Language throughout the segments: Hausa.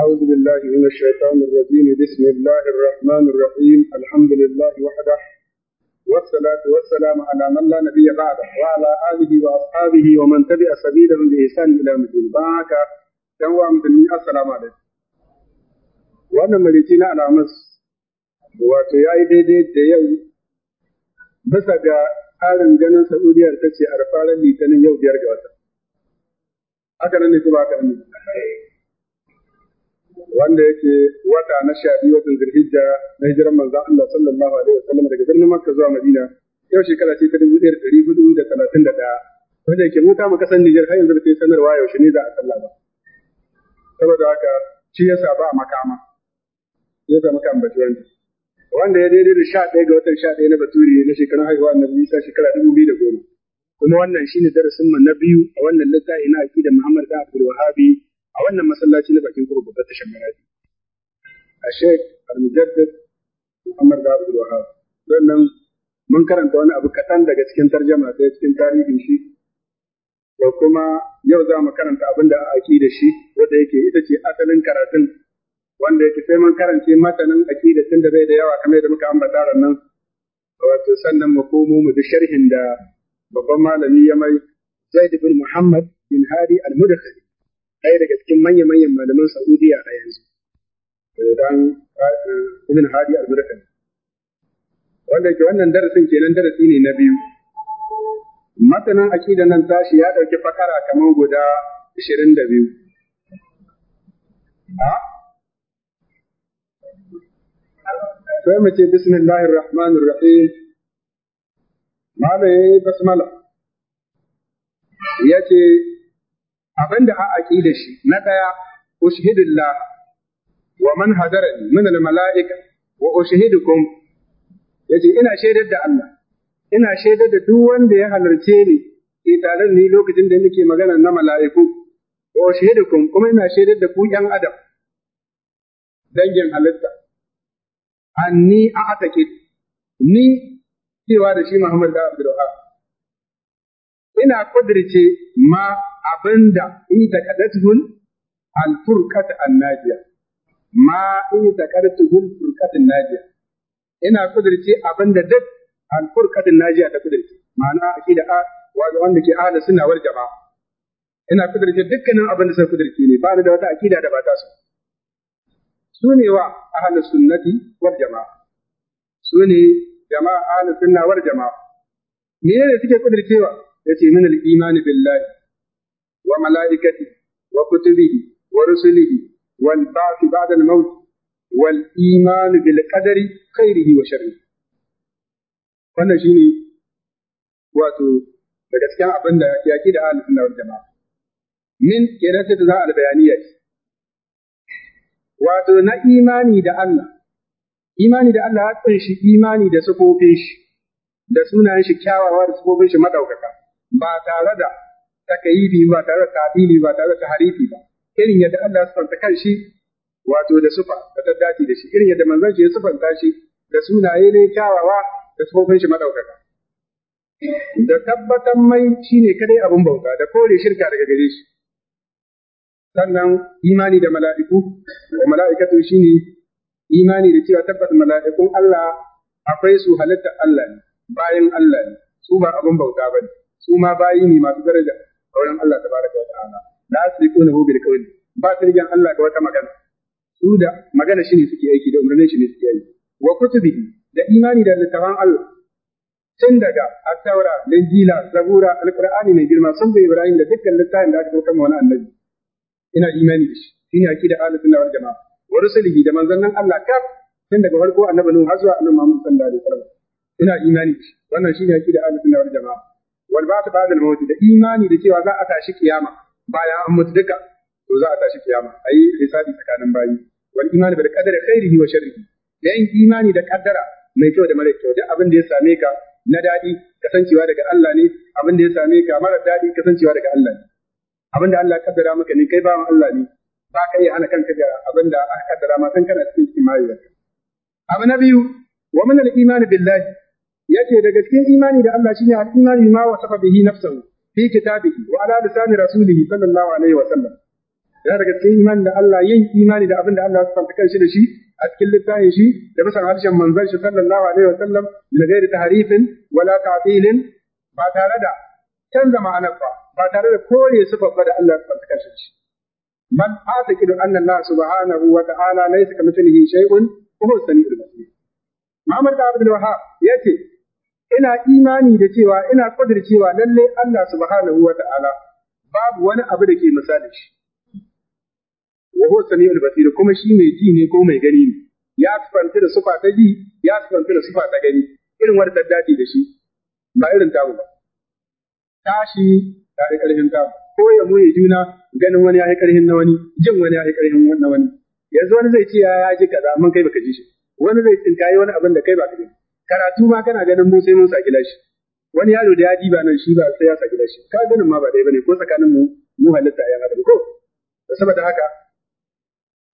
أعوذ بالله من الشيطان الرجيم بسم الله الرحمن الرحيم الحمد لله وحده والصلاة والسلام على من لا نبي بعده وعلى آله وأصحابه ومن تبع سبيلهم بإحسان إلى مدين باك يوم مسلمين السلام عليكم wannan marici na alamus wato ya yi daidai da yau bisa ga tsarin ganin sa'udiyar ta ce a litinin yau biyar ga wata haka nan ne kuma haka nan ne wanda yake wata na sha biyu watan zulhijja na hijiran manzon Allah sallallahu alaihi wasallam daga birnin Makka zuwa Madina yau shekara ce ta dubu ɗaya da ɗari hudu da talatin da ɗaya wanda yake muta mu kasan Nijar har yanzu da kai sanarwa yaushe ne za a sallah ba saboda haka shi ya sa ba makama ya zama kan wanda. wanda ya daidai da sha ɗaya ga watan sha ɗaya na baturi na shekarun haihuwa na Isa shekara dubu biyu da goma kuma wannan shine darasin mu na biyu a wannan littafi na aqidar Muhammad da Abdul Wahabi a wannan masallaci na bakin kuma babbar tashar marafi a sheik al-mujaddid muhammad da abdul wahab sannan mun karanta wani abu kaɗan daga cikin tarjama sai cikin tarihin shi da kuma yau za mu karanta abin da aki da shi wanda yake ita ce asalin karatun wanda yake sai mun karance matanin aki da tun da bai da yawa kamar da muka ambata nan wato sannan mu komo mu bi sharhin da babban malami ya mai zaid bin muhammad bin hari al-mudkhali ɗaya daga cikin manya-manyan malaman Saudiya a yanzu. Eh, Dan eh, Ibn Hadi al-Murtad. Wanda ke wannan darasin kenan darasi ne na biyu. Matanan akida nan tashi ya ɗauki fakara kamar guda ashirin da biyu. Sai mu ce bismillahir rahmanir rahim. Malai basmala. Ya ce abinda a da shi na daya ushhidillah wa man hadarani min al mala'ika wa ushhidukum yace ina shaidar da Allah ina shaidar da duk wanda ya halarce ni ke tare ni lokacin da nake magana na mala'iku wa kun kuma ina shaidar da ku yan adam dangin halitta anni a'taqid ni cewa da shi Muhammad da Abdul ina kudirce ma abinda in da kadatuhun alfurqat annajiya ma in da kadatuhun furqat najiya. ina kudirce abinda duk alfurqat najiya ta kudirce ma'ana akida a wato wanda ke ahli sunna wal jama'a ina kudirce dukkanin abin da sai kudirce ne ba ni da wata akida da ba ta su su ne wa ahli sunnati wal jama'a su ne jama'a ahli sunna wal jama'a menene suke kudircewa yace min al imani billahi وملائكته وكتبه ورسله والبعث بعد الموت والإيمان بالقدر خيره وشره wannan shi ne wato daga cikin abin da yaƙi da ahalin sunna wal jama'a min kenan sai ta zama albayaniya ce wato na imani da Allah imani da Allah ya kunshi imani da sufofin shi da sunayen shi kyawawa da shi maɗaukaka, ba tare da takayidi ba tare da ta'dili ba tare da tahrifi ba irin yadda Allah ya sifanta kanshi wato da sufa da ta da shi irin yadda manzon shi ya sifanta shi da sunaye ne kyawawa da sifofin shi madaukaka da tabbatan mai shine kadai abin bauta da kore shirka daga gare shi sannan imani da mala'iku da mala'ikatu shine imani da cewa tabbatan mala'ikun Allah akwai su halitta Allah ne bayan Allah ne su ba abin bauta bane su ma bayi ne masu daraja a Allah ta baraka wa ta'ala la nahu bil qawli ba sirgin Allah da wata magana su da magana shi ne suke aiki da umarnin shi ne suke aiki wa kutubi da imani da littafan Allah tun daga at-taura linjila zabura alqur'ani ne girma sun bai ibrahim da dukkan littafin da aka dauka ma wani annabi ina imani da shi shine akida ahlus sunna wal jamaa wa rusulihi da manzannin Allah kaf tun daga farko annabi nuhu har zuwa annabi Muhammad sallallahu alaihi wasallam ina imani da shi wannan shine akida ahlus sunna wal jamaa wal ba'th ba'da al-maut da imani da cewa za a tashi kiyama bayan an mutu duka to za a tashi kiyama ayi hisabi tsakanin bayi wal imani bil qadari khairihi wa sharrihi da yin imani da kaddara mai kyau da mara kyau duk abin da ya same ka na daɗi kasancewa daga Allah ne abin da ya same ka mara daɗi kasancewa daga Allah ne abin da Allah kaddara maka ne kai bawan Allah ne ba ka iya hana kanka ga abin da aka kaddara ma san kana cikin imani abu na biyu wa min al-imani billahi yace daga cikin imani da Allah shine al-imani ma wa tafa bihi nafsuhu fi kitabihi wa ala lisani rasulihi sallallahu alaihi wa sallam yana daga cikin imani da Allah yin imani da abin da Allah ya sifanta kanshi da shi a cikin littafin shi da bisan harshen manzon shi sallallahu alaihi wa sallam da gairi tahrifin wala ta'tilin ba tare da canza ma'anar ba ba tare da kore sifar ba da Allah ya sifanta kanshi da shi man ataqidu anna Allah subhanahu wa ta'ala laysa kamithlihi shay'un wa huwa as-sami'ul basir Muhammad Abdul Wahhab yace ina imani da cewa ina kudur cewa lalle Allah subhanahu wa ta'ala babu wani abu da ke misali shi wa huwa sami'ul basir kuma shi mai ji ne ko mai gani ne ya sifanta da sufa ta ji ya sifanta da sufa ta gani irin wani daddaci da shi ba irin tamu ba tashi ta da karfin tamu ko ya moye juna ganin wani ya yi karfin na wani jin wani ya yi karfin na wani yanzu wani zai ce ya ji kaza mun kai baka ji shi wani zai tsinkayi wani abin da kai baka ji karatu ma kana ganin mu sai mun saki lashi wani yaro da ya diba nan shi ba sai ya saki lashi ka ganin ma ba dai bane ko tsakanin mu mu halitta ya adam ko saboda haka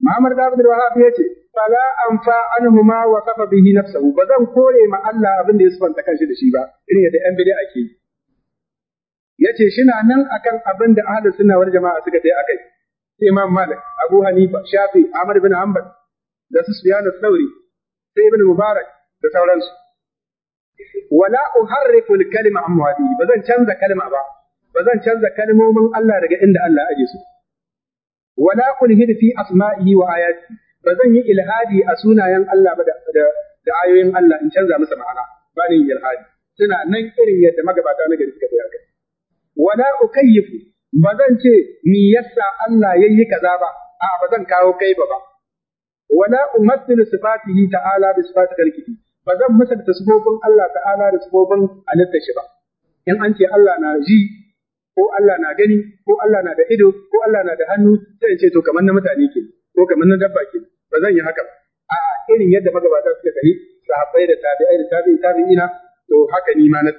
Muhammad da Abdul Wahab ya ce fala anfa anhu wa kafa bihi nafsuhu ba zan kore ma Allah abin da ya sifanta kanshi da shi ba irin yadda yan bid'a ake yi yace shina nan akan abin da ahlus sunna wal jama'a suka tayi akai sai Imam Malik Abu Hanifa Shafi Ahmad bin Hanbal da su Sufyan al-Thawri sai Ibn Mubarak da sauransu wala uharrifu al-kalima an mawadihi ba zan canza kalma ba ba zan canza kalmomin Allah daga inda Allah aje su wala kulhid fi asma'ihi wa ayati ba zan yi ilhadi a sunayen Allah ba da da ayoyin Allah in canza masa ma'ana ba ni ilhadi suna nan irin yadda magabata na gari suka tsaya kai wala ukayyifu ba zan ce ni yassa Allah yayi kaza ba a ba zan kawo kai ba ba wala umathilu sifatihi ta'ala bi sifatikal kalkihi ba zan mutunta sifofin Allah ta'ala da sifofin halittar shi ba in an ce Allah na ji ko Allah na gani ko Allah na da ido ko Allah na da hannu sai in ce to kamar na mutane ke ko kamar na dabba ke ba zan yi haka a irin yadda magabata suka tare sahabbai da tabi'ai da tabi'i tabi'ina to haka ni ma na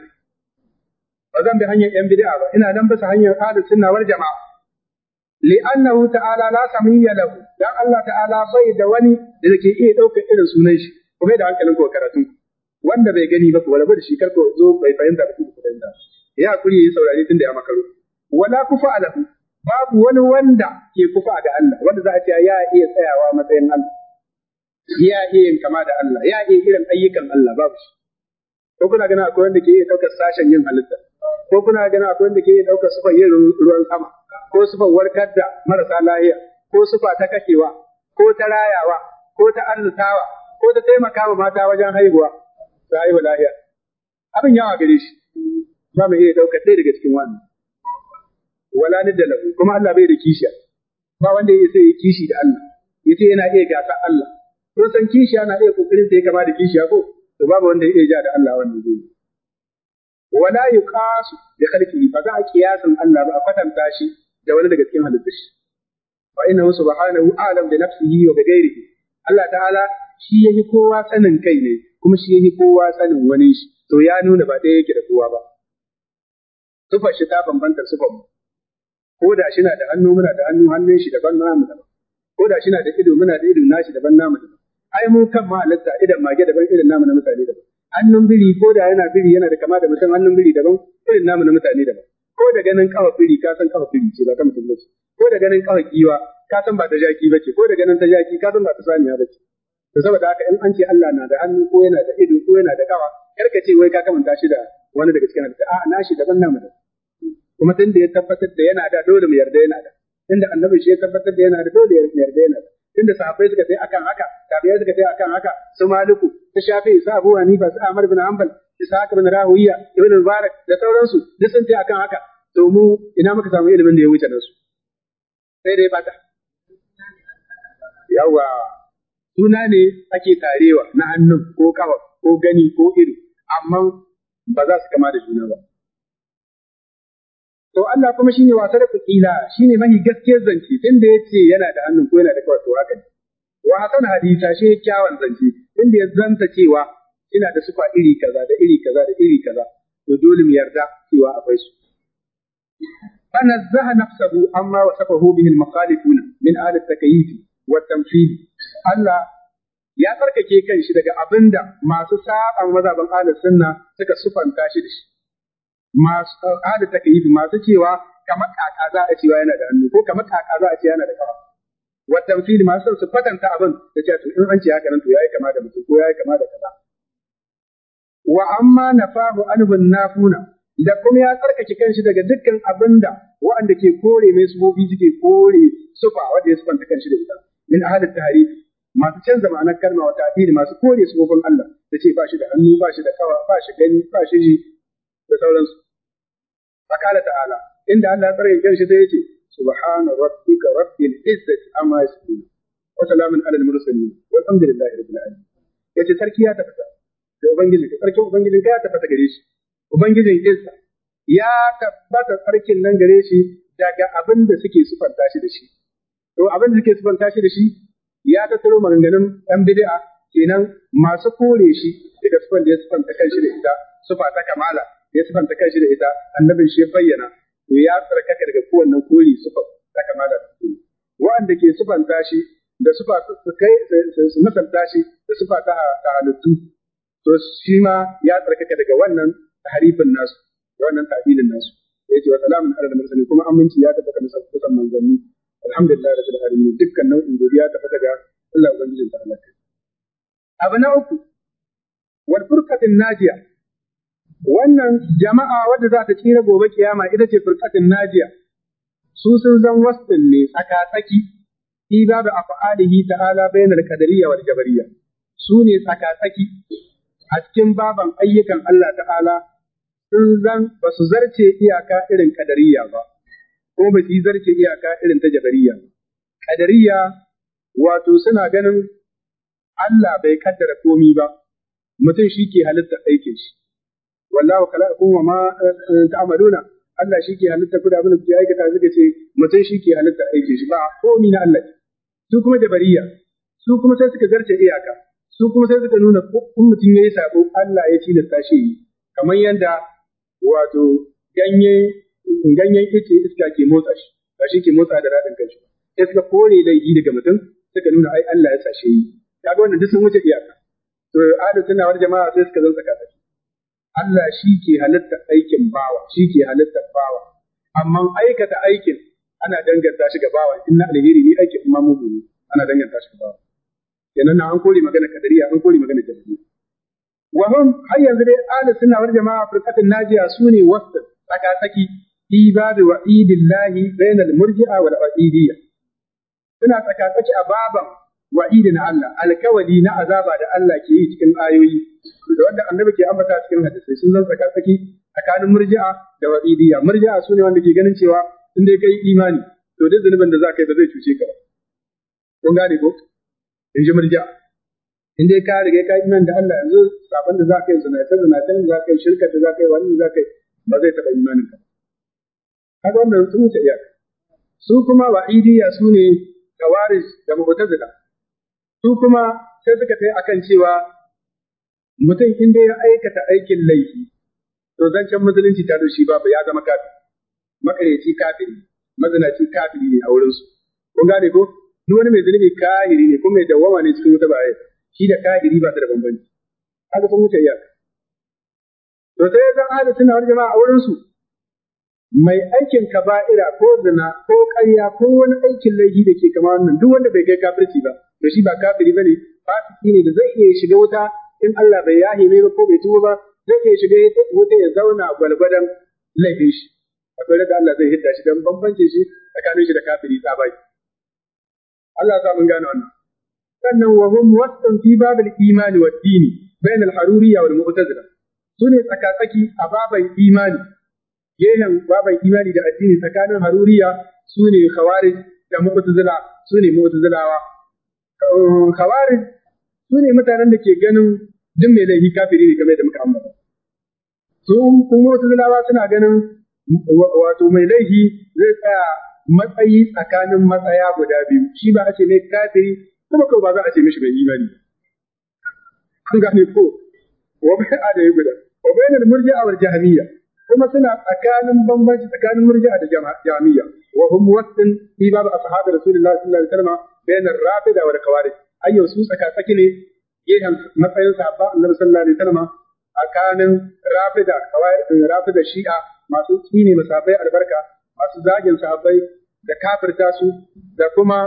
ba zan bi hanyar yan bid'a ba ina nan bisa hanyar ahlus sunna wal jama'a li'annahu ta'ala la samiyya lahu dan Allah ta'ala bai da wani da yake iya daukar irin sunan shi kuma da hankalin ku karatun wanda bai gani ba ku rabu da shi kar ku zo bai fahimta ba ku fahimta ya kuri yi saurari tunda ya makaro wala kufa alahu babu wani wanda ke kufa da Allah wanda za a ce ya iya tsayawa matsayin Allah ya iya yin kama da Allah ya iya irin ayyukan Allah babu shi ko kuna gana akwai wanda ke iya daukar sashen yin halitta ko kuna gana akwai wanda ke iya daukar sufan yin ruwan sama ko sufan warkar da marasa lahiya ko sufa ta kashewa ko ta rayawa ko ta annutawa ko ta taimaka wa mata wajen haihuwa ta haihu lahiya abin yawa gare shi ba mu iya ɗaukar ɗaya daga cikin wannan wala ni da lafi, kuma Allah bai da kishiya ba wanda ya sai kishi da Allah Ya ce yana iya gasa Allah ko san kishiya na iya kokarin sai kama da kishiya ko to babu wanda ya iya ja da Allah wannan zai wala kasu da khalqihi ba za a kiyasin Allah ba a kwatanta shi da wani daga cikin halittar shi wasu ba hana a'lam da nafsihi wa bi Allah ta'ala shi ya yi kowa sanin kai ne kuma shi ya yi kowa sanin wani shi to ya nuna ba ɗaya yake da kowa ba sufar shi ta bambantar sufar mu ko da shi na da hannu muna da hannu hannun shi daban namu daban ko da shi na da ido muna da ido nashi daban namu daban ai mun kan ma halatta idan mage daban irin namu na mutane daban hannun biri ko da yana biri yana da kama da mutum hannun biri daban irin namu na mutane daban ko da ganin kafa biri ka san kafa biri ce ba ta mutum ba ce ko da ganin kafa giwa ka san ba ta jaki ba ce ko da ganin ta jaki ka san ba ta saniya ba ce to saboda haka in an ce Allah na da hannu ko yana da ido ko yana da kawa kar ka ce wai ka kamanta shi da wani daga cikin halitta a'a nashi daban namu da kuma tunda ya tabbatar da yana da dole mu yarda yana da tunda annabi shi ya tabbatar da yana da dole mu yarda yana da tunda sahabbai suka sai akan haka tabi'ai suka sai akan haka su maliku su shafi su abu hanifa su amr bin hanbal ishaq bin rawiya ibn mubarak da sauransu duk sun ce akan haka to mu ina muka samu ilimin da ya wuce su? sai dai bata yawa suna ne ake tarewa na hannun ko kawa ko gani ko ido amma ba za su kama da juna ba to Allah kuma shine wasa da shi ne mahi gaskiyar zance tunda yace yana da hannun ko yana da kawai, to haka ne wa hasan hadisa shi kyawun zance tunda ya zanta cewa ina da sufa iri kaza da iri kaza da iri kaza to dole mu yarda cewa akwai su فنزه نفسه عما وصفه به المخالفون من wa التكييف والتمثيل Allah ya tsarkake kanshi daga abin da masu saɓan mazaban ahlus sunna suka sufanta shi da shi masu ahlus takayyifi masu cewa kamar kaka za a cewa yana da hannu ko kamar kaka za a cewa yana da kafa wa tamthili masu su kwatanta abin da cewa in an ce haka nan to yayi kama da mutum ko yayi kama da kaza wa amma nafahu anhu nafuna da kuma ya tsarkake kanshi daga dukkan abin da waɗanda ke kore mai sufofi suke kore sufa wanda ya sufanta kanshi da ita min ahlus tahrifi masu canza ma'anar kalma wa ta'dili masu kore su gogon Allah da ce ba shi da hannu ba shi da kawa ba shi gani ba shi ji da sauransu fakala ta'ala inda Allah ya tsare kanshi sai yace subhana rabbika rabbil izzati amma yasifun wa salamun alal mursalin walhamdulillahi rabbil alamin yace sarki ya tafata da ubangiji ka sarkin ubangiji ka ya tafata gare shi ubangijin izza ya tabbata sarkin nan gare shi daga abin da suke sufanta shi da shi to abin da suke sufanta shi da shi ya tattaro maganganun ɗan bid'a kenan masu kore shi daga sufan da ya ta kanshi da ita sufa ta kamala da ya ta kanshi da ita annabin shi bayyana to ya tsarkaka daga kowannen kore sufan ta kamala wa'anda ke sufan tashi, da sufa su kai su misalta shi da sufa ta halittu to shi ma ya tsarkaka daga wannan harifin nasu wannan ta'dilin nasu yace wa salamun ala da kuma aminci ya tabbata musamman manzanni alhamdulillah rabbil alamin dukkan nau'in godiya ta fada ga Allah ubangijin ta Allah abu na uku wal furqatin najiya wannan jama'a wadda za ta tsira gobe kiyama ita ce furqatin najiya su sun zan wasdin ne tsaka-tsaki fi babu afa'alihi ta'ala bainal qadariyya wal jabariyya su ne tsaka-tsaki a cikin baban ayyukan Allah ta'ala sun zan ba su zarce iyaka irin kadariya ba kuma ba su yi zarce iyaka irin ta jabariya. Kadariya wato suna ganin Allah bai kaddara komi ba, mutum shi ke halitta aikin shi. Wallahu kala kuma ma eh, eh, ta'maluna Allah shi ke halitta kuda abin da kuke aikata suka ce mutum shi ke halitta aikin shi ba komi na Allah. Su kuma jabariya, su kuma sai suka zarce iyaka, su kuma sai suka nuna in mutum ya yi sabo Allah ya tilasta shi yi, kamar yadda wato ganye ganyen ita iska ke motsa shi ba shi ke motsa da radin kanshi sai suka kore laifi daga mutum suka nuna ai Allah ya sashe yi kaga wannan duk sun wuce iyaka to ahlu sunna wal jama'a sai suka zo tsaka tsaki Allah shi ke halitta aikin bawa shi ke halitta bawa amma aikata aikin ana danganta shi ga bawa inna alheri ne aikin amma mu'mini ana danganta shi ga bawa kenan na an kore magana kadariya an kore magana jahiliya wa hum har yanzu dai ahlu sunna wal jama'a furqatun najiya sune wasta tsaka tsaki fi babu wa'idillahi bainal murji'a wal wa'idiyya suna tsakatsaki a baban wa'idi Allah alkawali na azaba da Allah ke yi cikin ayoyi da wanda annabi ke ambata cikin hadisai sun zan tsakatsaki tsakanin murji'a da wa'idiyya murji'a sune wanda ke ganin cewa inda dai kai imani to duk zunubin da za ka yi ba zai cuce ka ba kun gane ko in ji murji'a Inda dai ka riga ka imani da Allah yanzu sabon da za ka yi zinatar zinatar da za ka yi shirka da za ka yi wani da za ka yi ba zai taɓa imanin ka kaga wannan sun wuce iyaka su kuma wa'idiyya su ne da waris da mu'tazila su kuma sai suka tai akan cewa mutum in dai ya aikata aikin laifi to zancen musulunci ta doshi babu ya zama kafi. makareci kafiri mazinaci kafiri ne a wurin su kun gane ko duk wani mai zunubi kahiri ne kuma mai dawwama ne cikin wuta baya shi da kahiri ba su da bambanci Haka sun wuce iyaka to sai zan hada suna wani jama'a a wurin su mai aikin kaba'ira ko zina ko ƙarya ko wani aikin laifi da ke kama wannan duk wanda bai kai kafirci ba da shi ba kafiri bane fasiki ne da zai iya shiga wuta in Allah bai yahi mai ba ko bai tuba ba zai iya shiga wuta ya zauna gwalgwadan laifin shi akwai da Allah zai hidda shi dan bambance shi tsakanin shi da kafiri tsabai Allah ya mun gane wannan sannan wa hum wasan fi babil imani wad dini bainal haruriyya wal mu'tazila sune tsakatsaki a baban imani gehen baban imani da addini tsakanin haruriya su ne khawarij da mu'tazila su ne mu'tazilawa eh, khawarij su ne mutanen da ke ganin duk mai laifi kafiri ne game da muka ambata su kuma mu'tazilawa suna ganin wato mai laifi zai tsaya matsayi tsakanin matsaya guda biyu shi ba a ce mai kafiri kuma ko ba za a ce mishi mai imani an gane ko wa bai a da guda wa bai da a wal jahmiyya kuma suna tsakanin bambanci tsakanin murji'a da jami'a wa hum wasin fi babu ashabi rasulullahi sallallahu alaihi wasallam bain ar-rafida wa kawarij ayyo su tsaka tsaki ne gehen matsayin sahabba annabi sallallahu alaihi wasallam tsakanin rafida khawarij eh, rafida shi'a masu tsine masabai albarka masu zagin sahabbai da kafirta su da kuma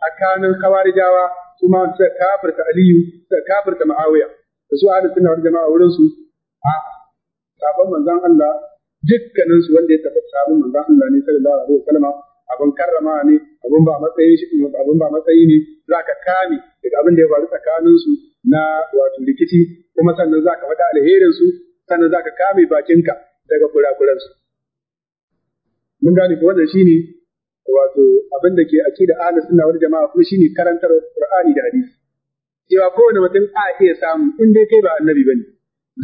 tsakanin kawarijawa kuma su kafirta aliyu da kafirta ma'awiya da su ahlus sunna wal jama'a wurin su a'a sabon manzan Allah dukkanin su wanda ya tafi sabon manzan Allah ne sallallahu alaihi wasallam abun karrama ne abun ba matsayi shi abun ba matsayi ne zaka kame daga abin da ya faru tsakanin su na wato rikici kuma sannan zaka faɗa alherin su sannan zaka kame bakinka daga kurakuran su mun gane ko wannan shine wato abin da ke aqida ahlus sunna wal jama'a kuma shine karantar Qur'ani da hadisi cewa kowane mutum a iya samu in dai kai ba annabi bane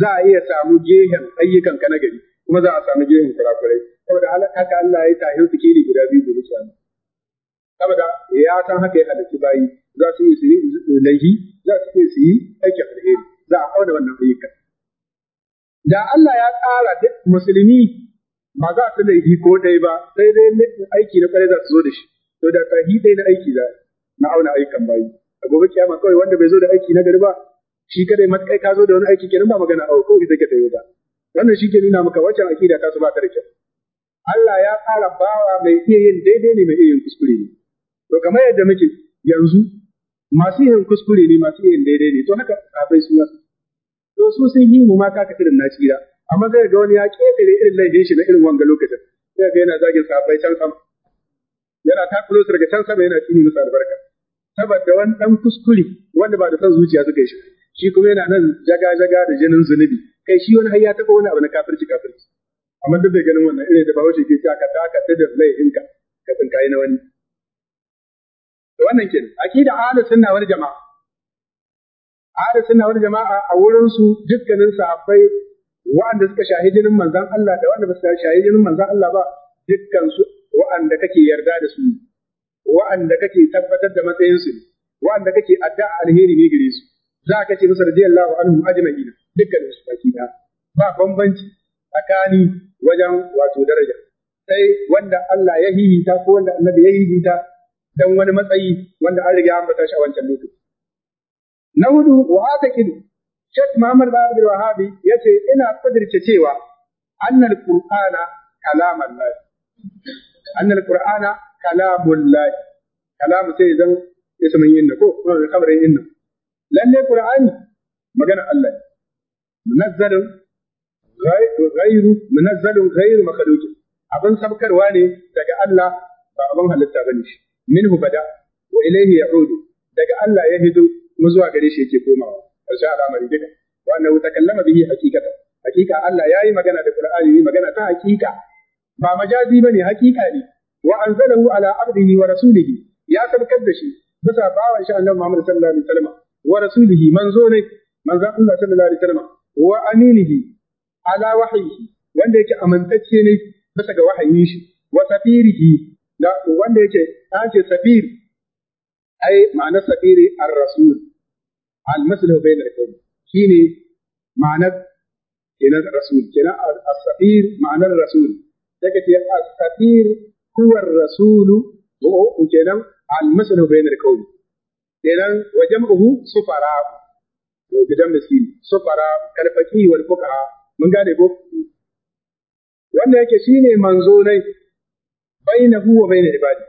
za a iya samu gehen ayyukan ka na gari kuma za a samu gehen kurakurai saboda haka Allah ya tahir kiri guda biyu gobe kiyama saboda ya san haka ya halarci bayi za su yi su yi laihi za su iya su yi aikin alheri za a auna wannan ayyukan da Allah ya ƙara musulmi ba za su laifi ko ɗaya ba sai dai aiki na ƙwarai za su zo da shi to da hi ɗaya na aiki za na auna ayyukan bayi a gobe kiyama kawai wanda bai zo da aiki na gari ba shi kadai matakai ka zo da wani aiki kenan ba magana aure kawai take ta yi ba wannan shi ke nuna maka wancan akida ta su ba ta da kyau Allah ya fara bawa mai iya yin daidai ne mai iya yin kuskure ne to kamar yadda muke yanzu masu yin kuskure ne masu yin daidai ne to haka sahabbai su yasu to su sun yi mu ma ka irin na tsira amma zai ga wani ya ketare irin laifin shi na irin wanga lokacin sai ga yana zagin sabai can sama yana takulo su daga can sama yana cini musu albarka saboda wani dan kuskure wanda ba da son zuciya suka yi shi shi kuma yana nan jaga-jaga da jinin zunubi kai shi wani har ya taɓa wani abu na kafirci kafirci amma duk da ganin wannan irin da bahaushe ke cewa ka taka da da laifinka ka tsinkayi na wani da wannan kenan akida ahlus sunna wal jama'a ahlus sunna wal jama'a a wurin su dukkanin sahabbai wanda suka shahi jinin manzon Allah da wanda ba su shahi jinin manzon Allah ba dukkan su wa'anda kake yarda da su wa'anda kake tabbatar da matsayin su wa'anda kake addu'a alheri ne gare su za ka ce masa radiyallahu anhu ajma'ina dukkan su baki da ba bambanci tsakani wajen wato daraja sai wanda Allah ya hihita ko wanda Annabi ya hihita dan wani matsayi wanda an riga an bata shi a wancan lokaci na hudu wa kidu Sheikh Muhammad bin Abdul Wahhabi yace ina kudirce cewa annal qur'ana kalamullah annal qur'ana kalamullah kalamu sai zan ismin yin ko kuma da kabarin yin lalle qur'ani magana Allah munazzalun ghairu munazzalun ghairu makhluq abin sabkarwa ne daga Allah ba abin halitta bane shi minhu bada wa ilayhi ya'udu daga Allah ya hito kuma zuwa gare shi yake komawa karshen al'amari duka wa annahu takallama bihi haqiqatan haqiqa Allah yayi magana da qur'ani yi magana ta haqiqa ba majazi bane haqiqa ne wa anzalahu ala abdihi wa rasulihi ya sabkar da shi bisa bawan shi annabi Muhammad sallallahu alaihi wasallam wa rasulihi manzo ne manzon Allah sallallahu alaihi wasallam wa aminihi ala wahyihi wanda yake amantacce ne bisa ga wahayin shi wa safirihi da wanda yake ce safir ai ma'anar safiri ar-rasul al-maslahu bayna al-qawm shine ma'anar kenan rasul kenan as-safir ma'anar rasul al kenan wa jam'uhu sufara gidan miskin sufara kalfaki wal fuqara mun gane ko wanda yake shine manzo nai bainahu wa bainal ibadi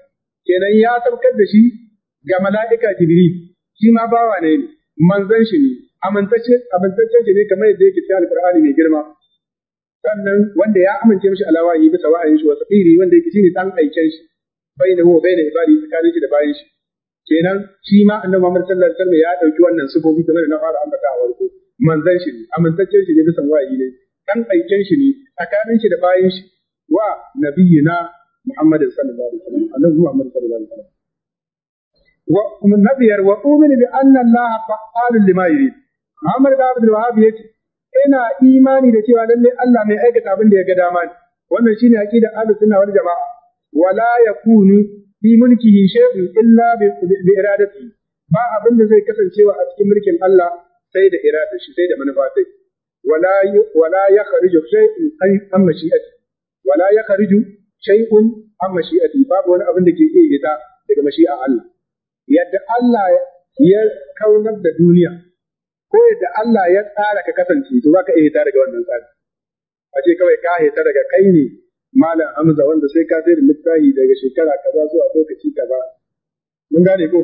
kenan ya tabbatar da shi ga mala'ika jibril shi ma bawa ne manzon shi ne amintacce amintacce shi ne kamar yadda yake cikin alqur'ani mai girma sannan wanda ya amince mishi alawayi bisa wa'ayin shi wa safiri wanda yake shine dan aikin shi bainahu wa bainal ibadi tsakanin shi da bayin shi kenan shi ma annabi Muhammad sallallahu alaihi wasallam ya dauki wannan sifofi kamar da na fara ambata a farko manzan shi ne amintaccen shi ne bisa wayi ne dan aikin shi ne tsakanin shi da bayin shi wa nabiyina Muhammad sallallahu alaihi wasallam annabi Muhammad sallallahu alaihi wasallam wa kuma nabiyar wa umini bi anna Allah fa'alun lima yurid Muhammad bin Abdul Wahhab yace ina imani da cewa lalle Allah mai aikata abin da ya ga dama ne wannan shine aqidar ahlus sunna wal jamaa wala yakunu fi mulkihi shay'un illa bi iradati ba abin da zai kasancewa a cikin mulkin Allah sai da iradar shi sai da manufa sai wala wala yakhruju shay'un an shi'ati wala kharuju shay'un an shi'ati babu wani abin da ke iya fita daga mashi'a Allah yadda Allah ya kaunar da duniya ko yadda Allah ya tsara ka kasance to baka iya fita daga wannan tsari a ce kawai ka hita daga kai ne malam Hamza wanda sai ka sayar da littafi daga shekara kaza zuwa lokaci kaza mun gane ko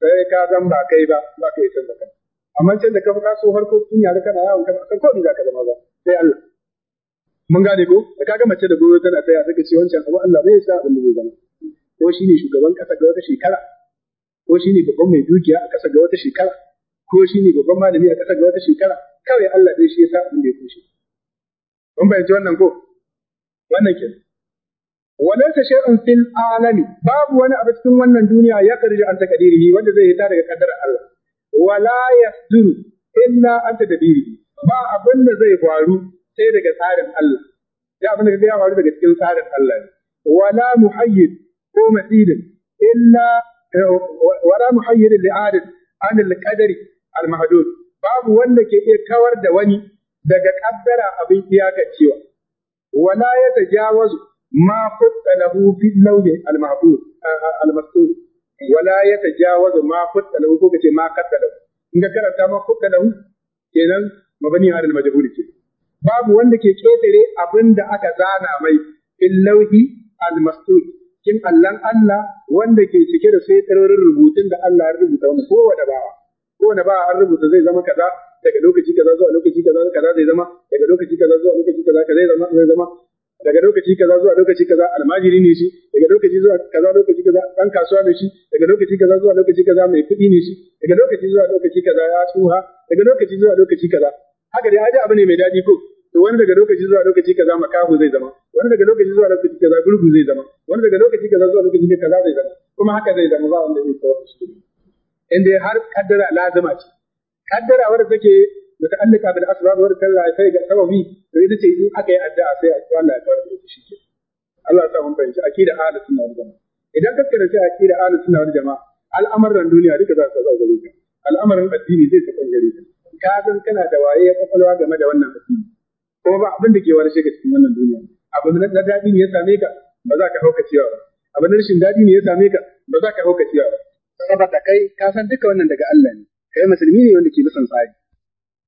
sai ka zan ba kai ba ba ka yi canza kai amma can da ka fi kaso harkokin yare kana yawon kama san kodin za ka zama ba sai Allah mun gane ko da ka ga mace da goyo tana taya take ce wancan abu Allah zai sa abin da zai zama ko shine shugaban kasa ga wata shekara ko shine babban mai dukiya a kasa ga wata shekara ko shine babban malami a kasa ga wata shekara kawai Allah zai shi ya sa abin da ya kushe mun bayyana wannan ko wannan kenan walaysa shay'un fil alami babu wani abu cikin wannan duniya ya karji an takadirihi wanda zai hita daga kaddarar Allah wala yasduru illa an tadbiri ba abin da zai faru sai daga tsarin Allah ya abin da ya faru daga cikin tsarin Allah ne wala muhayyid ko masidin illa wala muhayyid li'adin an al-qadari al-mahdud babu wanda ke iya kawar da wani daga kaddara abin iyakacewa wala يتجاوز ma khutta له في اللوح المحفوظ المكتوب ولا يتجاوز ما yatajawazu ma khutta ah, ah, lahu ko kace ma khutta lahu in ka karanta ma khutta lahu kenan babu wanda ke ketare abinda aka zana mai fil lawhi al kin allon Allah wanda ke cike da sai tsarorin rubutun da Allah ya rubuta mu bawa kowane ba an rubuta zai zama kaza daga lokaci kaza zuwa lokaci kaza kaza zai zama daga lokaci kaza zuwa lokaci kaza kaza zai zama daga lokaci kaza zuwa lokaci kaza almajiri ne shi daga lokaci zuwa kaza lokaci kaza dan kasuwa ne shi daga lokaci kaza zuwa lokaci kaza mai kuɗi ne shi daga lokaci zuwa lokaci kaza ya tsuha daga lokaci zuwa lokaci kaza haka dai haji abu ne mai daɗi ko to wani daga lokaci zuwa lokaci kaza makahu zai zama wani daga lokaci zuwa lokaci kaza gurgu zai zama wani daga lokaci kaza zuwa lokaci kaza zai zama kuma haka zai zama ba wanda zai kawar shi inda har kaddara lazima ce kaddara wadda take muta'allika bil asbab wadda ta rafe ga sababi to ita ce in aka yi addu'a sai Allah ya kawar da ita shi ke Allah ya sa mun fahimci akida ahlus sunna wal jamaa idan ka karanta akida ahlus sunna wal jamaa al'amuran duniya duka za su zo gare ka al'amuran addini zai tafi gare ka ka san kana da waye ya kwakwalwa game da wannan addini ko ba abin da ke wani shiga cikin wannan duniya abu na daɗi ne ya same ka ba za ka hauka ciwa ba abu na rashin daɗi ne ya same ka ba za ka hauka ciwa ba saboda kai ka san duka wannan daga Allah ne kai musulmi ne wanda ke bisan tsari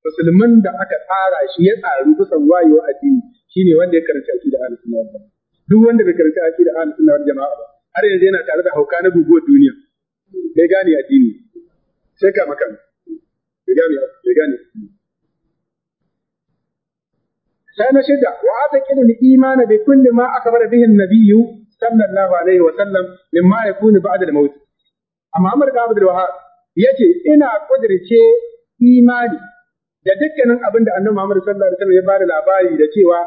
musulman da aka tsara shi ya tsaru bisan wayewa addini shine wanda ya karanta aqida ahlus sunna wal jamaa duk wanda bai karanta aqida ahlus sunna wal jamaa ba har yanzu yana tare da hauka na guguwar duniya bai gane addini sai ka maka bai gane bai gane sai na shida wa ataqidu al-iman bi kulli ma akbara bihi an-nabiy sallallahu alaihi wa sallam mimma yakunu ba'da al-maut amma amr da abdul wahab Ya ce ina kudirce imani da dukkanin abin da annabi Muhammad sallallahu alaihi wasallam ya bada labari da cewa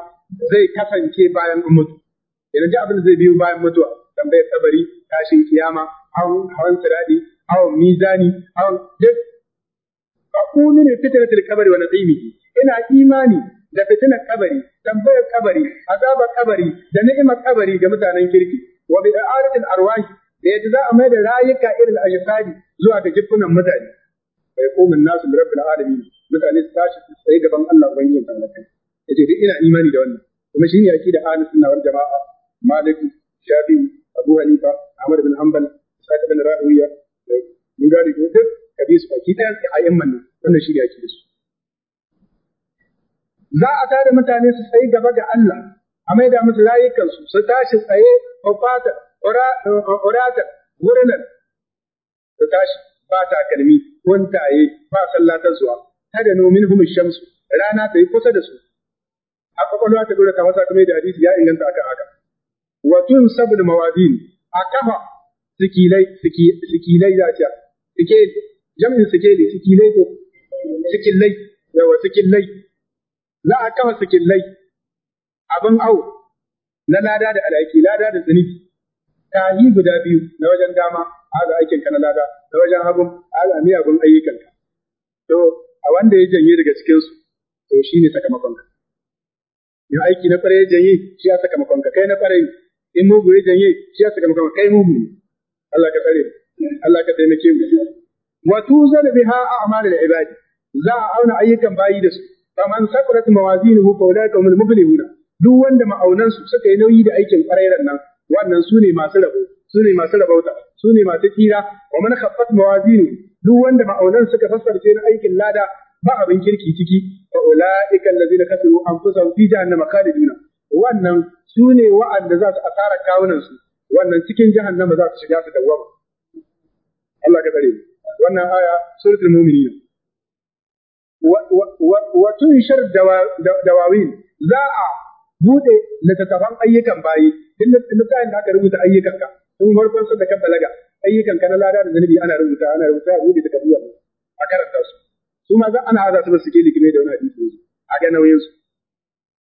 zai kasance bayan mutu idan ji abin da zai biyo bayan mutuwa tambayar kabari tashin kiyama hawan hawan siradi hawan mizani hawan duk aqulu min fitnatil kabari wa nadimihi ina imani da fitinar kabari tambayar kabari azabar kabari da ni'imar kabari ga mutanen kirki wa bi'aratil arwahi da yadda za a mai da rayuka irin ayyukari zuwa ga jikunan mutane bai komin nasu da rabbil alamin mutane su tashi su tsaye gaban Allah ubangijin talakai yace duk ina imani da wannan kuma shine yaki da ahlus sunna wal jamaa malik shafi abu hanifa ahmad bin hanbal sa'id bin rawiya eh, mun gane ko duk kabi su baki ɗaya a imman nan wannan shi yaki da su za a tare mutane su tsaye gaba ga Allah a maida musu rayukansu su tashi tsaye ko fata oratar wurinan su tashi ba takalmi wantaye ba sallah ta zuwa ta kada nomin humus shamsu rana ta yi kusa da su a kwakwalwa ta dole kamar sakamai da hadisi ya inganta akan haka Watun tun sabul mawazin a kafa sikilai sikilai da ta sike jamin sikeli sikilai ko sikillai yawa sikillai za a kafa sikillai abin au na lada da alaki lada da zunubi tahi guda biyu na wajen dama haza aikin ka na lada da wajen hagu haza miyagun ayyukan ka to a wanda ya janye daga cikin su to shine sakamakon ka in aiki na fare ya janye shi ya sakamakon ka kai na fare in mugu ya janye shi ya sakamakon ka kai mugu Allah ka tsare Allah ka taimake mu wa tuzar biha a'malul ibadi za a auna ayyukan bayi da su faman sakulat mawazinuhu fa ulaika humul muflihuna duk wanda ma'aunansu suka yi nauyi da aikin ƙwararren nan wannan su ne masu rabo su ne masu rabauta su ne masu kira wa man khaffat mawazinu duk wanda ma'aunan suka sassarce na aikin lada ba abin kirki ciki fa ulaika allazina kasaru anfusahum fi jahannama khaliduna wannan su ne wa'anda za su asara kawunan su wannan cikin jahannama za su shiga su dawwama Allah ka tsare wannan aya suratul mu'minin wa tunshar dawawin za a bude littattafan ayyukan bayi duk littafin da aka rubuta ayyukanka tun farkon sun da ka balaga ayyukanka na lada da zunubi ana rubuta ana rubuta a rubuta da duba a karanta su su ma za ana haza su ba su ke likime da wani hadisi a ga nauyin su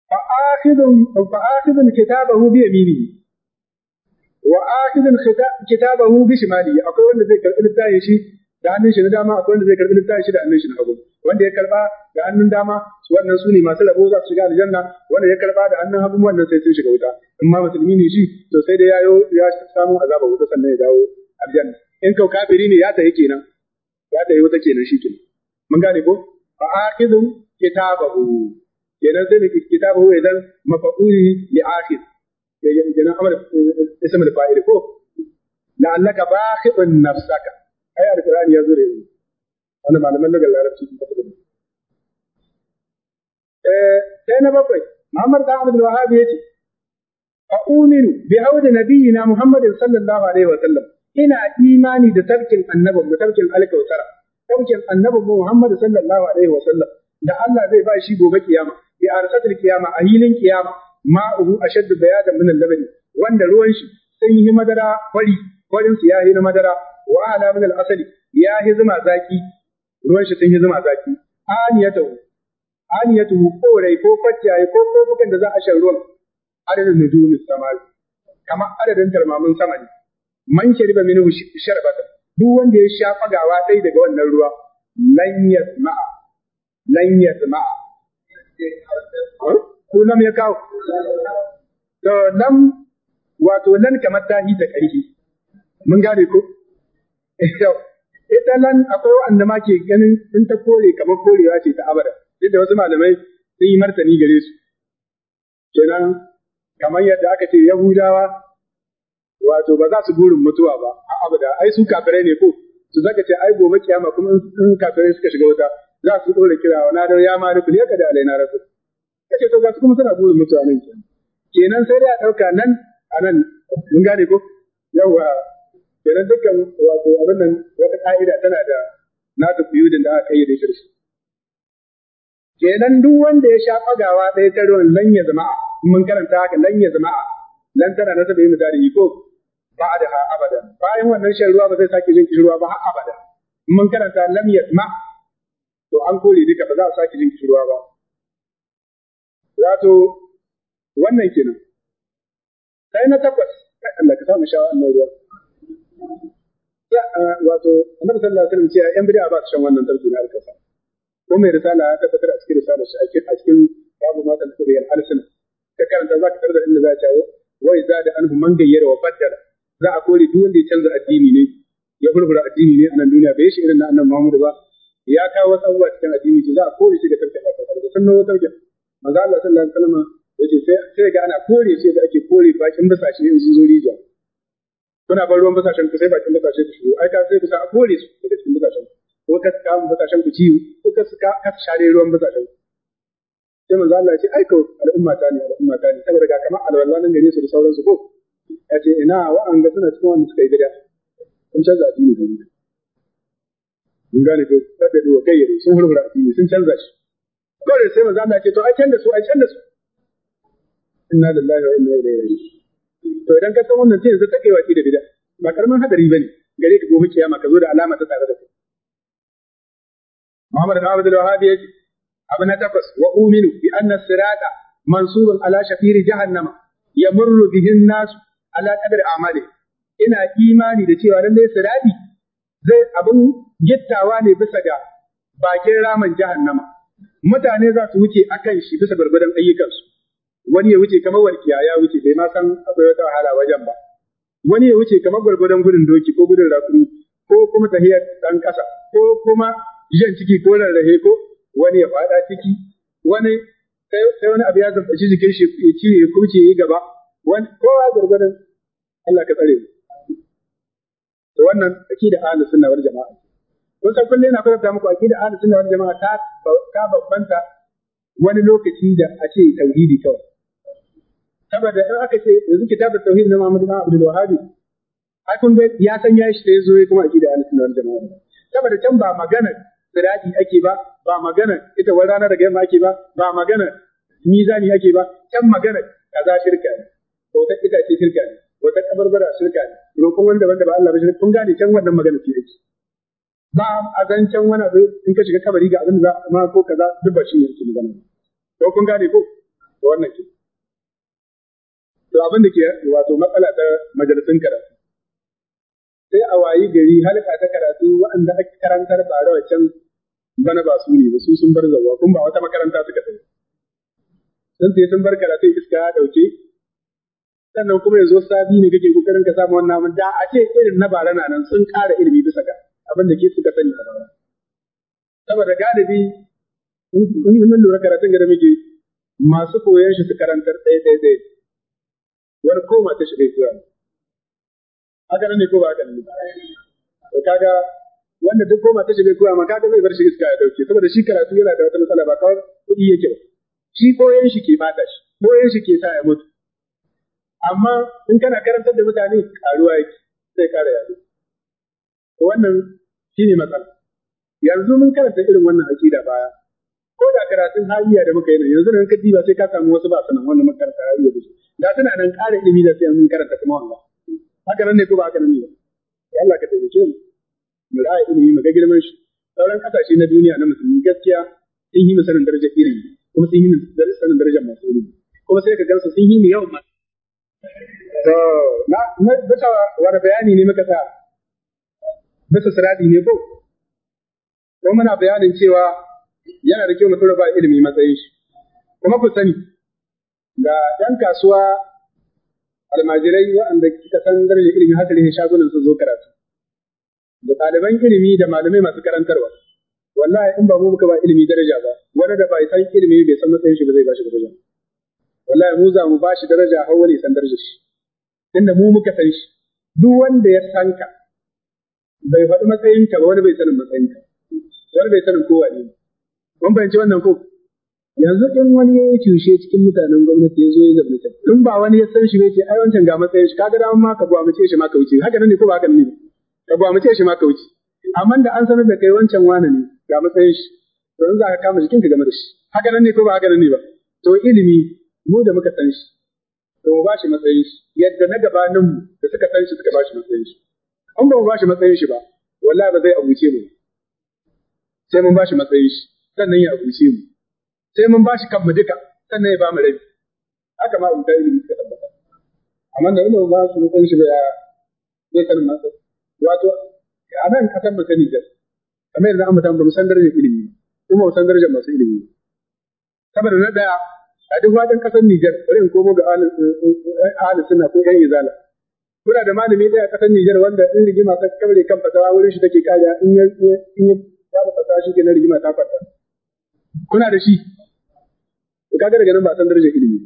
fa akhidun fa akhidun kitabahu bi yaminihi wa akhidun kitabahu bi shimalihi akwai wanda zai karbi littafin shi da hannun shi na dama akwai wanda zai karbi littafin shi da hannun shi na hagu wanda ya karba da hannun dama su wannan su ne masu rabo za su shiga aljanna wanda ya karba da hannun hagu wannan sai sun shiga wuta in ma musulmi ne shi to sai dai yayo ya samu azaba wuta sannan ya dawo aljanna in kau kafiri ne ya tayi kenan ya tayi wuta kenan shi kenan mun gane ko fa akhidhu kitabahu kenan sai ne kitabahu ya mafa'uli li akhid kenan amr da fa'il ko la'allaka bakhidun nafsaka ai qur'ani ya zure ne wanda malaman daga larabci sun tafi da mu eh, sai na bakwai Muhammad da Abdul Wahhab yace fa uminu bi audi nabiyina Muhammadin sallallahu alaihi wa sallam ina imani da tarkin annabin mu tarkin alkautara tarkin annabin mu Muhammad sallallahu alaihi wa sallam da Allah zai ba shi gobe kiyama bi arsatil kiyama a hilin kiyama ma'uhu ashaddu bayadan min al-labani wanda ruwan shi sun yi madara fari farin su ya yi madara wa ala min al-asali ya yi zuma zaki ruwan shi sun yi zuma zaki aniyatahu aniyatuhu ko rai ko fatiyaye ko bukan da za a shan ruwan adadin da nujumis samai kama adadin tarmamin sama ne man shariba minhu sharbata duk wanda ya sha fagawa sai daga wannan ruwa lan yasma'a lan yasma'a eh? ko ya kawo to lam wato lan kamar tahi da karhi mun gane ko eh, nan akwai wanda ma ke ganin in ta kore kamar korewa ce ta abada, duk da wasu malamai sun yi martani gare su. Kenan kamar yadda aka ce Yahudawa wato ba za su burin mutuwa ba a abada ai su kafirai ne ko su zaka ce ai gobe kiyama kuma in kafirai suka shiga wuta za su dora kira wa da ya ma rukul yaka da alaina rukul kace to ga su kuma suna burin mutuwa nan kenan kenan sai dai a dauka nan a nan mun gane ko yawa kenan dukkan wato abin nan wata ka'ida tana da nata kuyudin da aka kayyade shi da shi kenan duk wanda ya sha fagawa ɗaya ta ruwan lan ya zama mun karanta haka lan ya zama lan tana na sabai misali ko ba da ha abada bayan wannan shan ruwa ba zai sake jin kishirwa ba har abada mun karanta lam ya zama to an kore duka ba za a sake jin kishirwa ba wato wannan kenan sai na takwas Allah ka samu shawarar sha ruwa ya wato annabi sallallahu alaihi wasallam ce yan bid'a ba su shan wannan tarki na alkasa ko mai risala ya tabbatar a cikin risala shi a cikin babu ma kan kubiyar alsana da karanta za ka karanta inda za ta yi wai za da anhu man gayyara wa faddala za a kore duk wanda ya canza addini ne ya furfura addini ne a nan duniya bai shi irin na annabi Muhammad ba ya kawo wasu abubuwa cikin addini to za a kore shi ga tarkin alkasa da sannan wata wajen Maza Allah sallallahu alaihi wasallam yace sai sai ga ana kore shi da ake kore bakin basashe in sun zo rijiya kuna ban ruwan basashen ku sai bakin basashen ku shiru ai ka sai ku sa a kore su daga cikin basashen ku ko ka ka mu basashen ku ciwo ko ka ka ka share ruwan basashen ku sai manzo Allah ya ce ai ko al'umma ta ne al'umma ta ne saboda ga kamar alwala nan gare su da sauransu ko ya ce ina ga suna cikin wanda suka yi gida sun canza addini da ni mun gane ko kada duwa kai yare sun hurhura addini sun canza shi kawai sai manzo Allah ya ce to ai canza su ai canza su inna lillahi wa inna ilaihi raji'un to idan ka san wannan sai yanzu ta kaiwa da bid'a ba karaman hadari bane gare ka gobe kiyama ka zo da alama ta tare da kai Muhammad bin Abdul Wahhab ya ce abu na takwas wa uminu bi anna sirata mansubun ala shafiri jahannama yamurru bihin nasu ala qadri a'mali ina imani da cewa lallai sirati zai abin gittawa ne bisa ga bakin ramin jahannama mutane za su wuce akan shi bisa gwargwadon ayyukansu wani ya wuce kamar warkiya ya wuce bai ma san akwai wata wahala wajen ba wani ya wuce kamar gwargwadon gudun doki ko gudun rakumi ko kuma tahiyar dan kasa ko kuma jan ciki ko rarrahe ko wani ya fada ciki wani sai wani abu ya shi jikin shi ya ci ya kuce ya gaba wani kowa gwargwadon Allah ka tsare to wannan akida ahli sunna wal jamaa kun san kullum yana kwatanta muku akida ahli sunna wal jamaa ta ta babbanta wani lokaci da a ce tauhidi kawai saboda in aka ce yanzu kitabar tauhid na Muhammad ibn Abdul Wahhab ai kun ya san yayi shi yazo ya kuma akida ahlus sunna wal jamaa saboda can ba magana sirati ake ba ba magana ita wani rana daga yamma ake ba ba magana mizani ake ba can magana kaza shirka ne bauta ita ce shirka ne wata kabarbara shirka ne roƙon wanda wanda ba Allah ba shirka kun gane can wannan magana ce yake ba a can wani abu in ka shiga kabari ga abin da za ma ko kaza duk ba shi ne yake magana ko kun gane ko wannan ke to abin da ke wato matsala ta majalisun karatu sai a wayi gari halka ta karatu waɗanda ake karantar ba da wancan bana ba su ne ba su sun bar zawa kun ba wata makaranta suka tafi sun sai sun bar karatun iska ya dauke sannan kuma yanzu sabi ne kake kokarin ka samu wannan mun da a ce irin na bara na nan sun ƙara ilimi bisa ga abin da ke suka sani a bara saboda galibi in mun lura karatun da muke masu koyon shi su karantar ɗaya ɗaya ɗaya wani koma ta shiga koya haka nan ne ko ba haka nan to kaga wanda duk koma ta shiga zuwa ma kaga zai bar shi iska ya dauke saboda shi karatu yana da wata matsala ba kawai kuɗi yake ba shi koyon shi ke bata shi koyon shi ke sa ya mutu amma in kana karantar da mutane karuwa yake sai kara yaro to wannan shine matsala yanzu mun karanta irin wannan aqida baya ko da karatun hariya da muka yi yanzu da ka diba sai ka samu wasu ba sanan wannan makaranta hariya da su da tana nan ƙara ilimi da sai mun karanta kuma wannan haka nan ne ko ba haka nan ne ba ya Allah ka taimake mu mu ra'ayi ilimi mu ga girman shi sauran kasashe na duniya na musulmi gaskiya sun yi sanin darajar ilimi kuma sun yi sanin darajar masu ilimi kuma sai ka gansu sun yi mu yawan ma to na na bisa wani bayani ne muka sa bisa siradi ne ko ko muna bayanin cewa yana da kyau mutum ba ilimi matsayin shi kuma ku sani ga ɗan kasuwa almajirai waɗanda kika san darajar ilimi ne shagunan sun zo karatu da ɗaliban ilimi da malamai masu karantarwa wallahi in ba mu muka ba ilimi daraja ba wani da bai san ilimi bai san matsayin shi ba zai bashi daraja wallahi mu za mu bashi daraja har wani san darajar shi inda mu muka san shi duk wanda ya san ka bai faɗi matsayinka ba wani bai sanin matsayin wani bai sanin kowa ne mun fahimci wannan ko yanzu in wani ya yi cushe cikin mutanen gwamnati ya zo ya zaɓi ta in ba wani ya san shi ne ce ai wancan ga matsayin shi kaga dama ma ka buwa mace shi ma ka wuce haka nan ne ko ba haka ne ka buwa mace shi ma ka wuce amma da an sanar da kai wancan wani ne ga matsayin shi to in za ka kama jikin ka game da shi haka nan ne ko ba haka nan ne ba to ilimi mu da muka san shi to ba shi matsayin shi yadda na gabanin mu da suka san shi suka ba shi matsayin shi in ba mu ba shi matsayin shi ba wallahi ba zai abuce mu sai mun ba shi matsayin shi sannan ya abuce mu sai mun bashi kanmu duka sannan ya ba mu rabi haka ma abuta ibn suka tabbata amma da rubu ba su mutunci ba ya ne kalma wato a nan kasan ba sani da kamar yadda amma ba mu san darajar ilimi kuma mu san darajar masu ilimi saboda na daya a duk wajen kasar Nijar bari in komo ga ahli eh, eh, sunna ko yan izala kuna da malami daya kasar Nijar wanda in rigima ta kabre kan fasawa, wurin shi take kaja in ya in ya ta shi ke na rigima ta kwanta kuna da shi to kaga daga nan ba san darajar ilimi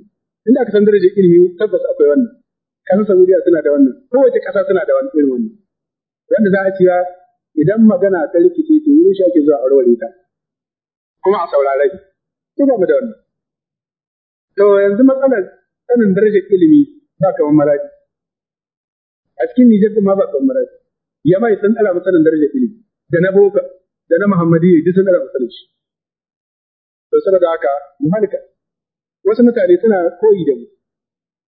inda ka san darajar ilimi tabbas akwai wannan kasar Saudiya suna da wannan kowace kasa suna da wannan irin wannan wanda za a cewa idan magana ta rikice to wurin shi ake zuwa a warware ta kuma a saurare shi ba mu da wannan to yanzu matsalar sanin darajar ilimi ba kamar maraji a cikin Nijar ma ba kamar Ya yamai sun tsara matsalar darajar ilimi da na boka da na Muhammadiyya duk sun tsara matsalar shi to saboda haka mu halaka wasu mutane suna koyi da mu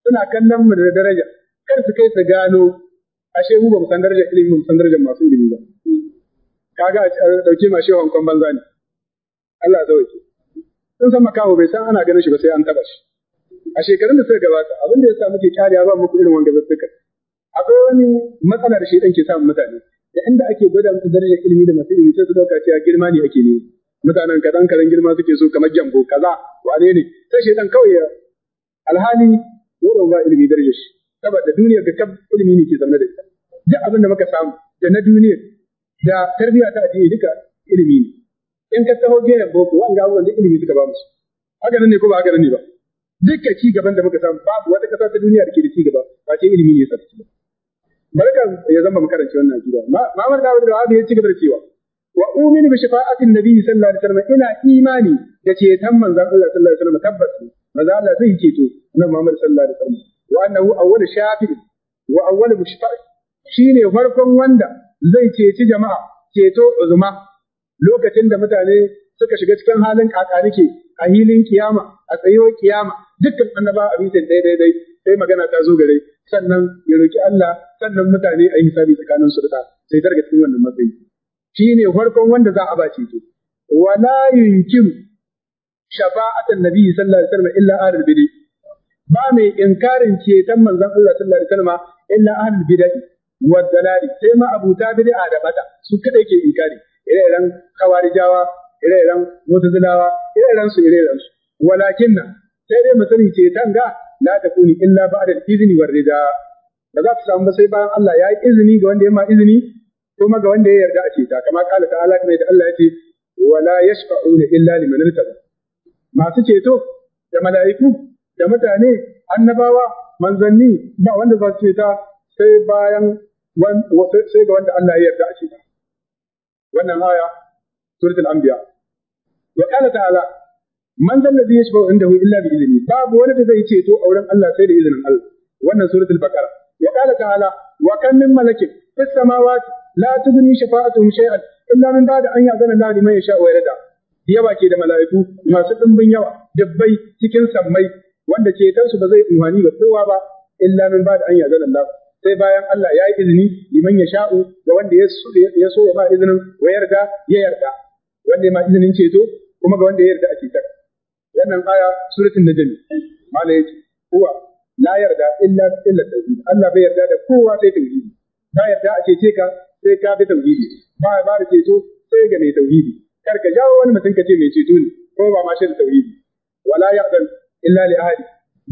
suna kallon mu da daraja kar su kai su gano ashe mu ba mu san darajar ilimi mu san darajar masu ilimi ba kaga a dauke ma shehu hankon banza ne Allah ya zauke sun san makaho bai san ana ganin shi ba sai an taba shi a shekarun da suka gabata abin da ya sa muke kariya ba muku irin wanda zai akwai wani matsala da shi dan ke samun mutane da inda ake gwada musu darajar ilimi da masu ilimi sai su dauka cewa girma ne ake nemi mutanen kadan kadan girma suke so kamar jambo kaza wane ne sai shedan kawai ya alhali wurin ba ilimi darajar shi saboda duniya ga kab ilimi ne ke zama da ita duk abin da muka samu da na duniya da tarbiyya ta addini duka ilimi ne in ka taho gehen boko wanga abubuwan wanda ilimi suka ba musu haka nan ne ko ba haka nan ne ba duka ci gaban da muka samu babu wata kasa ta duniya da ke da ci gaba ba ce ilimi ne ya sarki ba barka ya zama makaranci wannan ma mamar da abu da ya ci gaba da cewa wa uminu bi shafa'atin nabi sallallahu alaihi wasallam ina imani da ceton manzon Allah sallallahu alaihi wasallam tabbas manzo Allah zai ceto annabi Muhammad sallallahu alaihi wasallam wa annahu awwalu shafi'in wa awwalu mushfa'i shine farkon wanda zai ceci jama'a ceto uzuma lokacin da mutane suka shiga cikin halin kakanike a hilin kiyama a tsayuwar ƙiyama, dukkan annaba a bisan daidai dai sai magana ta zo dai, sannan ya roki Allah sannan mutane a yi misali tsakanin su sai targa wannan matsayi ne farkon wanda za a bace to wala yunkiru shafa'atan nabi sallallahu alaihi wasallam illa ahlul bid'i ba mai inkarin ceton manzon Allah sallallahu alaihi wasallam illa ahlul bid'i wad dalali sai ma abu abuta bid'a da bada su kada ke inkari ire-iren khawarijawa ire-iren mutazilawa ire-iren su ire-iren su walakinna sai dai mu sani ceton ga la takuni illa ba'da izni war rida ba za ta samu ba sai bayan Allah ya yi izini ga wanda ya ma izini kuma ga wanda ya yarda a ceta kama kala ta'ala kamar da Allah ya ce wala yashfa'una illa liman irtada masu ceto da mala'iku da mutane annabawa manzanni ba wanda za su ceta sai bayan sai ga wanda Allah ya yarda a ceta wannan aya suratul anbiya wa kala ta'ala man zan ladhi yashfa'u indahu illa bi idhni babu wanda da zai ceto a wurin Allah sai da izinin Allah wannan suratul baqara wa kala ta'ala wa kam min malakin fis samawati la tughni shafa'atuhum shay'an illa min ba'da an ya'zana Allah liman yasha wa yarda yawa ke da mala'iku masu dimbin yawa dabbai cikin sammai wanda ceton su ba zai umhani ga kowa ba illa min ba'da an ya'zana Allah sai bayan Allah ya yi izini liman yasha'u ga wanda ya so ya ba izinin wa yarda ya yarda wanda ma izinin ceto kuma ga wanda ya yarda a tsaka wannan aya suratul najm malaiku yace huwa la yarda illa illa tauhid Allah bai yarda da kowa sai tauhid ba yarda a ce ka sai ka bi tauhidi ba ba da ceto sai ga mai tauhidi kar ka jawo wani mutum ka ce mai ceto ne ko ba ma shi da tauhidi wala ya'dan illa li ahli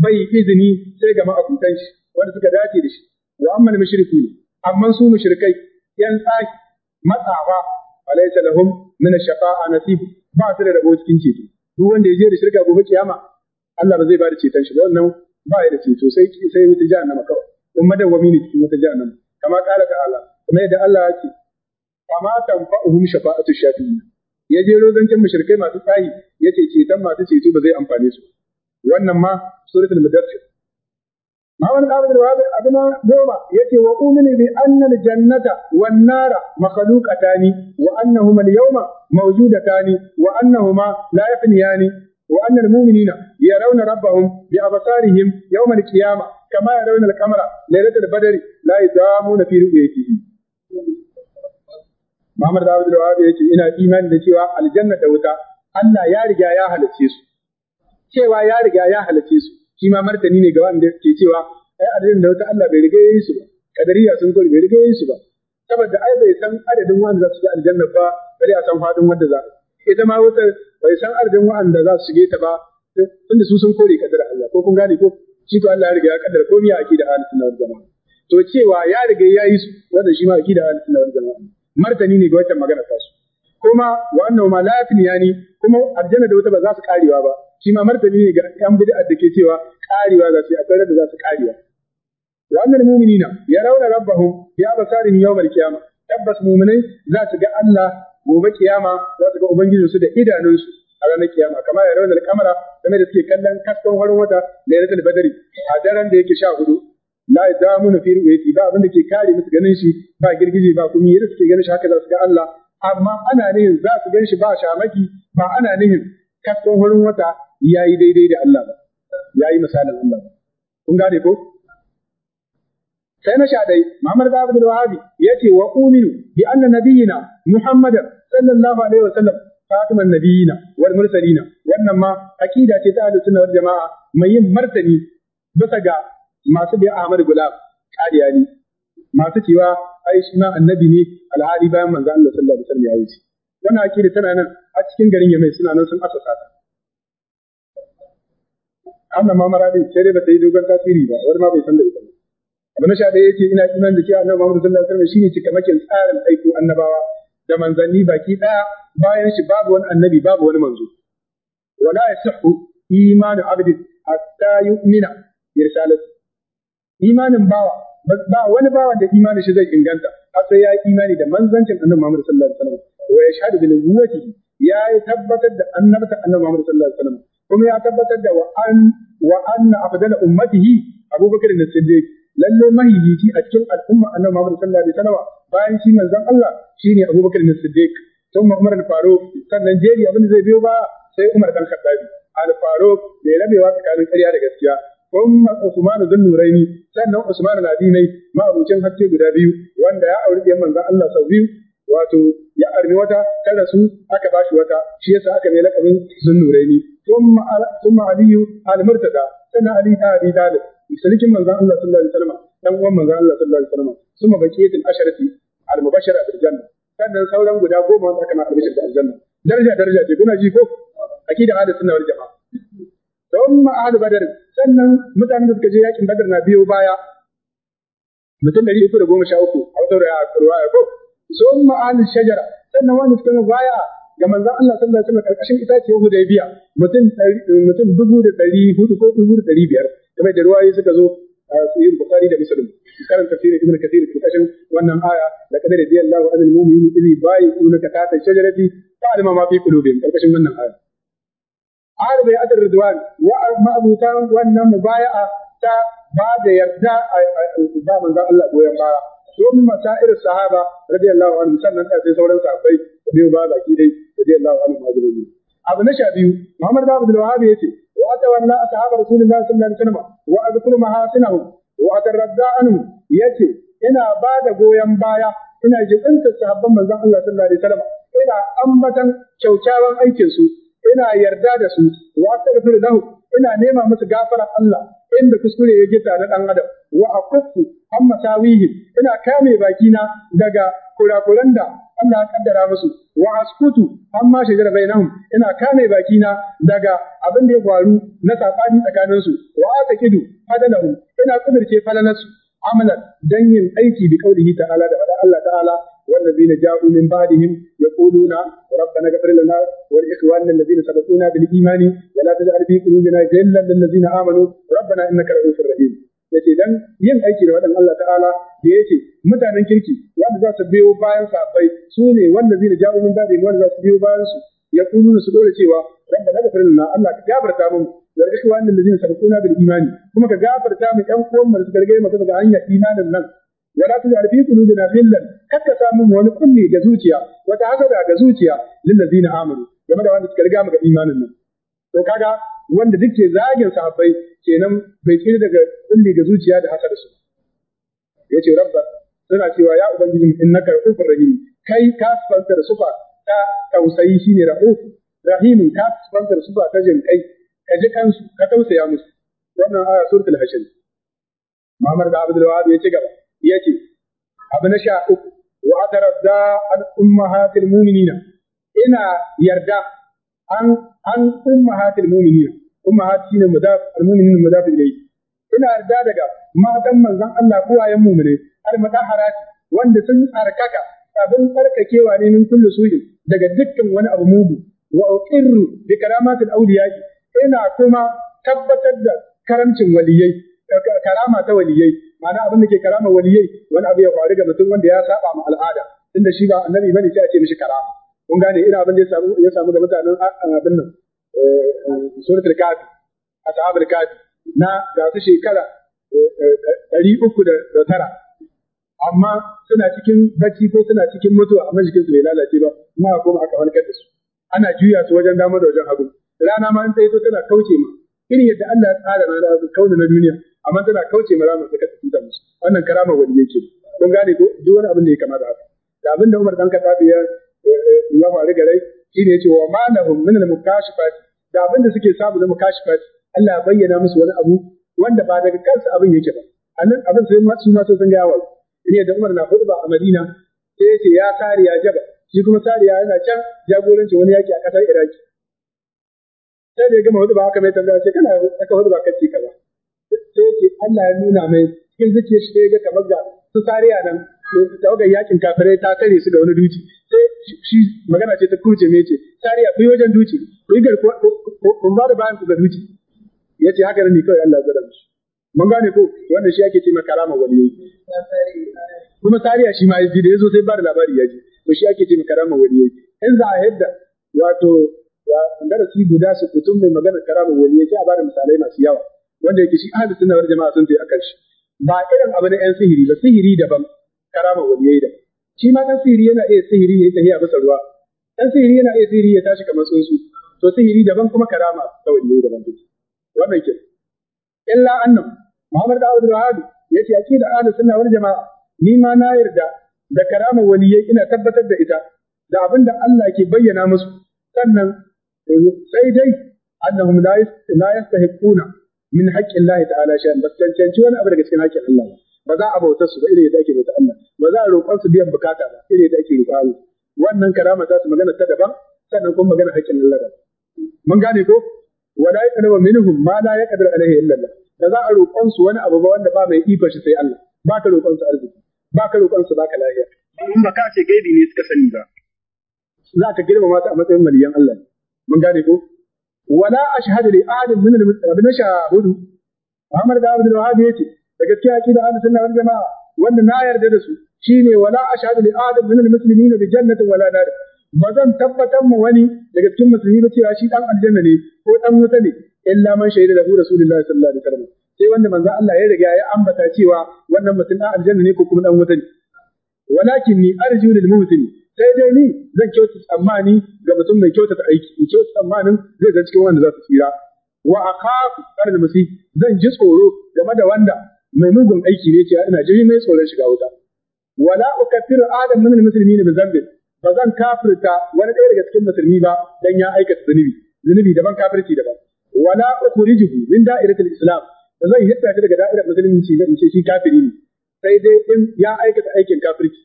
bai izini sai ga ma'abutan shi wanda suka dace da shi wa amma mushriku ne amma su mushrikai yan tsaki matsafa alaysa lahum min ash-shaqa'a nasib ba su da rabo cikin ceto duk wanda ya je da shirka gobe kiyama Allah ba zai ba da ceton shi ba wannan ba ya da ceto sai sai wuta jahannama kawai kuma dawwami ne cikin wuta jahannama kama kala ta'ala kamar yadda Allah ya ce kama tanfa'uhum shafa'atu shafi'in ya je rozancin mushrikai masu tsayi ce ceton masu ceto ba zai amfane su wannan ma suratul mudaththir ma wani ƙarin da wani abu na ya yace wa umini bi anna jannata wan nara ni? wa annahuma al-yawma ni? wa annahuma la yafniyani wa anna al-mu'minina yarawna rabbahum bi absarihim yawm al-qiyamah kama yarawna al-qamara laylatal badri la yadamuna fi ru'yatihi Muhammad da Abdul Wahab ya ce ina imani da cewa aljanna da wuta Allah ya riga ya halice su. Cewa ya riga ya halice su shi ma martani ne ga wanda ke cewa ai aljanna da wuta Allah bai riga yi su ba. Kadariya sun kori bai riga yi su ba. Saboda ai bai san adadin wanda za su je aljanna ba bari a san fadin wanda za. su Ita ma wutar bai san adadin wanda za su shige ta ba tunda su sun kore kadar Allah ko kun gane ko shi to Allah ya riga ya kaddara komai a da ahlus na wani jama'a. to cewa ya riga ya yi su wanda shi ma aqida da sunna wal jamaa martani ne ga wata magana ta su kuma wa ma ma ya ne kuma aljanna da wata ba za su karewa ba shi ma martani ne ga yan bid'a da ke cewa karewa ga sai akwai da za su karewa wa annal mu'minina yarawna rabbahum bi absarihim yawm al tabbas mu'minai za su ga Allah gobe kiyama za su ga su da idanunsu a ranar kiyama kamar rauna al-qamara kamar da suke kallon kaskon farin wata lailatul badari a daren da yake sha hudu la yadamu fi ru'yati ba abin da ke kare musu ganin shi ba girgije ba kuma yadda suke ganin shi haka za su ga Allah amma ana nihin za su gan shi ba shamaki ba ana nihin kaskon wurin wata yayi daidai da Allah ba yayi misalin Allah ba kun gane ko sai na sha dai Muhammad bin Abdul Wahhab yace wa uminu bi anna nabiyina Muhammad sallallahu alaihi wasallam khatiman nabiyina wal mursalina wannan ma aqida ce ta ahlus sunna wal jamaa mai yin martani bisa ga masu biyan Ahmad Gulam ne. masu cewa ai shi ma annabi ne alhali bayan manzo Allah sallallahu alaihi wasallam ya wuce wannan akida tana nan a cikin garin Yemen suna nan sun asasa ta amma ma mara dai sai dai ta yi dogon tasiri ba wani ma bai san da ita ba abu na sha ɗaya yake ina iman da cewa annabi Muhammad sallallahu alaihi wasallam shine cikamakin tsarin aiko annabawa da manzanni baki ɗaya bayan shi babu wani annabi babu wani manzo wala ya sahu imanu abdin hatta yu'mina bi risalati imanin bawa ba wani bawa da imanin shi zai inganta har sai ya yi imani da manzancin annabi Muhammad sallallahu alaihi wasallam wa yashhadu bi nubuwwatihi ya yi tabbatar da annabta annabi Muhammad sallallahu alaihi wasallam kuma ya tabbatar da wa an wa anna afdala ummatihi Abubakar da Siddiq lalle mahiyici a cikin al'umma annabi Muhammad sallallahu alaihi wasallam bayan shi manzon Allah shine Abubakar da Siddiq ثم عمر الفاروق sannan jeri abin da zai biyo ba sai Umar dan Khattabi al-Faruq mai rabewa tsakanin ƙarya da gaskiya ثم عثمان ذو النورين sannan na al-Adinai ma'abucin hakke guda biyu wanda ya auri ɗiyan manzon Allah sau biyu wato ya armi wata ta rasu aka bashi wata shi yasa aka mai lakabin zunnuraini thumma thumma aliyu al-murtada sannan ali ta abi talib salikin manzon Allah sallallahu alaihi wasallam dan uwan manzon Allah sallallahu alaihi wasallam summa baqiyatul asharati al-mubashara bil janna sannan sauran guda goma wanda aka na albishir da aljanna daraja daraja ce kuna ji ko akida ahlus sunna wal jamaa don ma'ahal badar sannan mutanen da suka je yakin badar na biyo baya mutum dari uku da goma sha uku a wata ruwaya ko sun ma'ahal shajara sannan wani suka yi baya ga manzan Allah sallallahu alaihi wasallam karkashin itaciyar Hudaybiya mutum mutum dubu da dari hudu ko dubu da dari biyar kamar da ruwaye suka zo a sayyid bukhari da muslim karin tafsirin ibn kathir karkashin wannan aya la qad radiyallahu anil mu'minina idh bay'unaka tahta shajarati fa'alima ma fi qulubihim karkashin wannan aya arabai adar ridwan wa ma'abutan wannan mubaya'a ta ba da yarda ba manzon Allah goyon baya sun masa'ir sahaba radiyallahu anhu sannan da sai sauran sahabbai biyu ba baki dai radiyallahu anhu majmu'i abu na sha biyu Muhammad bin Abdul Wahhab yace wa atawalla ashabar Rasulullahi sallallahu alaihi wasallam wa azkuru mahasinahum wa atarradda yace ina ba da goyon baya ina jibinta sahabban manzon Allah sallallahu alaihi wasallam ina ambatan kyaukyawan aikin su ina yarda da su wa astaghfiru lahu ina nema musu gafarar Allah inda kuskure ya gita na dan adam wa aqfu amma tawihi ina kame bakina daga kurakuran da Allah ya kaddara musu wa askutu amma shajara bainahum ina kame bakina daga abin da ya faru na sabani tsakanin su wa atakidu fadalahu ina kudirce falanasu amalan dan yin aiki bi kaulihi ta'ala da Allah ta'ala والذين جاءوا من بعدهم يقولون ربنا اغفر لنا ولاخواننا الذين سبقونا بالايمان ولا تجعل في قلوبنا غلا للذين امنوا ربنا انك رؤوف رحيم yace dan yin aiki da wadan Allah ta'ala da yace mutanen kirki wanda za su biyo bayan sahabbai su ne wanda zai jawo min dadi wanda za su biyo bayan su ya kunu su dole cewa rabbana ghfir lana Allah ka gafarta da wa ikhwanil ladina sabaquna bil imani kuma ka gafarta mu ɗan uwan mu da suka rage daga hanyar imanin nan wa la tuj'al fi qulubina ghillan kakka sa wani kulli ga zuciya wata hasada ga zuciya lil ladina amanu game da wanda suka riga maka imanin nan to kaga wanda duk zagin sahabbai kenan bai tsira daga kulli ga zuciya da hasada su yace rabba suna cewa ya ubangiji innaka rahufur rahim kai ka sifanta sufa ta tausayi shine rahuf rahimun ka sifanta da sufa ta jin kai ka ji kansu ka tausaya musu wannan aya suratul hashim Muhammad da Abdul Wahab ya ci gaba yace abu na sha uku wa atarda an ummahatil mu'minina ina yarda an an ummahatil mu'minina ummahat shine mudaf al mu'minina mudaf ilayhi ina yarda daga matan manzon Allah uwayen mu'mine al mutahharati wanda sun tsarkaka abin tsarkakewa ne min kullu suhi daga dukkan wani abu mugu wa uqirru bi karamatil awliya ina kuma tabbatar da karamcin waliyai karama ta waliyai ma'ana abin da ke karama waliyai wani abu ya faru ga mutum wanda ya saba mu al'ada Inda shi ba annabi bane sai a ce mishi karama kun gane ina abin da ya samu da mutanen abin nan eh, suratul kafi ashabul kafi na ga su shekara eh, eh, ɗari uku da tara amma suna cikin bacci ko suna cikin mutuwa amma jikin su bai lalace ba kuma a koma aka halkar da su ana juya su wajen dama da wajen hagu rana ma in ta yi tana kauce ma irin yadda Allah ya tsara rana kauna na duniya amma tana kauce ma ramin kasa tafi da musu wannan karama wani yake kun gane ko duk wani abin da ya kama da haka da abin da Umar dan kasa ya ya faru da rai shine yace wa ma lahum min al mukashifat da abin da suke samu na mukashifat Allah ya bayyana musu wani abu wanda ba daga kansu abin yake ba annan abin sai su ma sun ga yawa ne da Umar na khutba a Madina sai yace ya sari ya jaba shi kuma ya yana can jagoranci wani yaki a ƙasar Iraki sai da ya gama wani ba haka mai tambaya ce kana aka wani ba kace kaza sai ce Allah ya nuna mai cikin zuciya shi ya ga kamar ga su sariya nan tawagar yakin kafirai ta kare su ga wani duci sai shi magana ce ta kurje mai ce sariya ku yi wajen duci ku yi garkuwa ku ba da bayan ku ga duci ya ce haka ne kawai Allah ya gwada musu mun gane ko wannan shi ake ce ma karama waliyoyi kuma sariya shi ma ya da ya zo sai ba da labari ya ji to shi ake ce ma karama waliyoyi in za a yadda wato darasi guda su kutum mai magana karama waliyoyi yake a ba da misalai masu yawa wanda yake shi ahlus sunna wal jama'a sun tafi akan shi ba irin abu na yan sihiri ba sihiri daban karama wani waliyai da shi ma dan sihiri yana iya sihiri ya tafiya bisa ruwa dan sihiri yana iya sihiri ya tashi kamar tsuntsu to sihiri daban kuma karama ta wani waliyai daban take wannan ke illa annam Muhammad da Abdul Wahab yace aqida ahlus sunna wal jama'a ni ma na yarda da karama waliyai ina tabbatar da ita da abin da Allah ke bayyana musu sannan sai dai annahum la yastahiquna min haƙƙin Allah ta'ala shan ba cancanci wani abu daga cikin haƙƙin Allah ba ba za a bauta su ba irin yadda ake bauta Allah ba za a roƙon su biyan bukata ba irin yadda ake roƙa Allah wannan karama ta su magana ta daban sannan kuma magana haƙƙin Allah da mun gane ko wala yaqdiru minhum ma la yaqdiru alaihi illa Allah da za a roƙon su wani abu ba wanda ba mai ifa shi sai Allah ba ka roƙon su arziki ba ka roƙon su ba ka lafiya in ba ka ce gaibi ne suka sani ba za ka girmama ta a matsayin maliyan Allah mun gane ko wala ashhadu li ahadin min al-mutabin shahudu Muhammad da Abdul Wahab yace da gaskiya aqida ahlus sunna wal jamaa wanda na yarda da su shine wala ashhadu li ahadin min al-muslimina bi jannatin wala nar ba zan tabbatar mu wani daga cikin musulmi ba cewa shi dan aljanna ne ko dan wuta ne illa man shahida lahu rasulullahi sallallahu alaihi wasallam sai wanda manzo Allah ya riga ya ambata cewa wannan mutum dan aljanna ne ko kuma dan wuta ne walakin ni arju lil muhsinin sai dai ni zan kyauta tsammani ga mutum mai kyautata aiki in kyauta tsammanin zai ga cikin wanda za su tsira wa akhafu qaral masih zan ji tsoro game da wanda mai mugun aiki ne ke ina jiri mai tsoron shiga wuta wala ukathiru adam min almuslimin bi dhanbi ba zan kafirta wani ɗaya daga cikin musulmi ba dan ya aikata zunubi zunubi daban kafirci daban wala ukhrijuhu min da'iratil islam ba zan hitta shi daga da'irar musulunci ba in ce shi kafiri ne sai dai in ya aikata aikin kafirci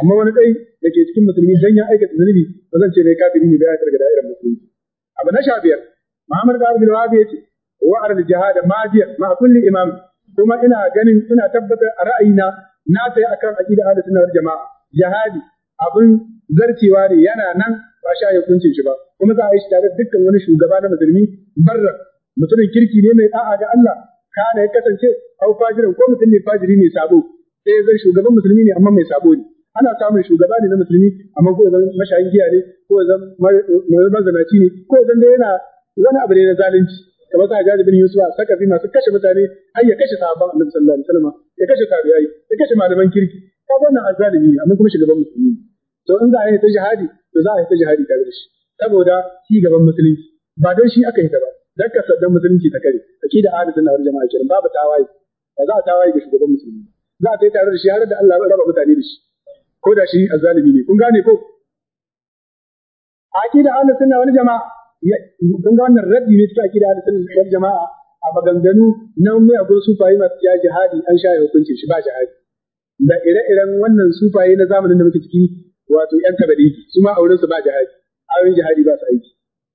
amma wani dai da ke cikin musulmi dan ya aikata zunubi ba zan ce mai kafiri ne ba ya karga da'irar musulmi abu na sha biyar Muhammad bin Abdul Wahab yace wa arad jihad ma kulli imam kuma ina ganin ina tabbatar a ra'ayina na sai akan aqida ahlus sunna wal jamaa jihadi abun zarcewa ne yana nan ba sha ya kunce shi ba kuma za a yi shi tare dukkan wani shugaba na musulmi barra mutumin kirki ne mai da'a ga Allah kana ya kasance au fajirin ko mutum ne fajiri ne sabo sai zai shugaban musulmi ne amma mai sabo ne ana samun shugaba ne na musulmi amma ko zan mashayin giya ne ko zan mazanaci ne ko zan da yana wani abu ne na zalunci kamar sa jaji bin yusuf a saka masu kashe mutane har ya kashe sahabban annabi sallallahu alaihi wasallam ya kashe tabi'ai ya kashe malaman kirki ka wannan azzalimi ne amma kuma shugaban musulmi to in za a yi ta jihadi to za a yi ta jihadi tare da shi saboda shi gaban musulunci ba don shi aka yi ta ba dan ka saddan musulunci ta kare akida ahli sunna wal jama'a kiran babu tawaye ba za a tawaye ga shugaban musulmi za a kai tare da shi har da Allah ya raba mutane da shi ko da shi azzalimi ne kun gane ko aqida ahlus sunna wal jamaa kun ga wannan raddi ne cikin aqida ahlus sunna wal jamaa a maganganu na miyagun sufaye masu ya jihadi an sha hukuncin shi ba jihadi da ire-iren wannan sufaye na zamanin da muke ciki wato yan tabadiki su ma auren su ba jihadi auren jihadi ba su aiki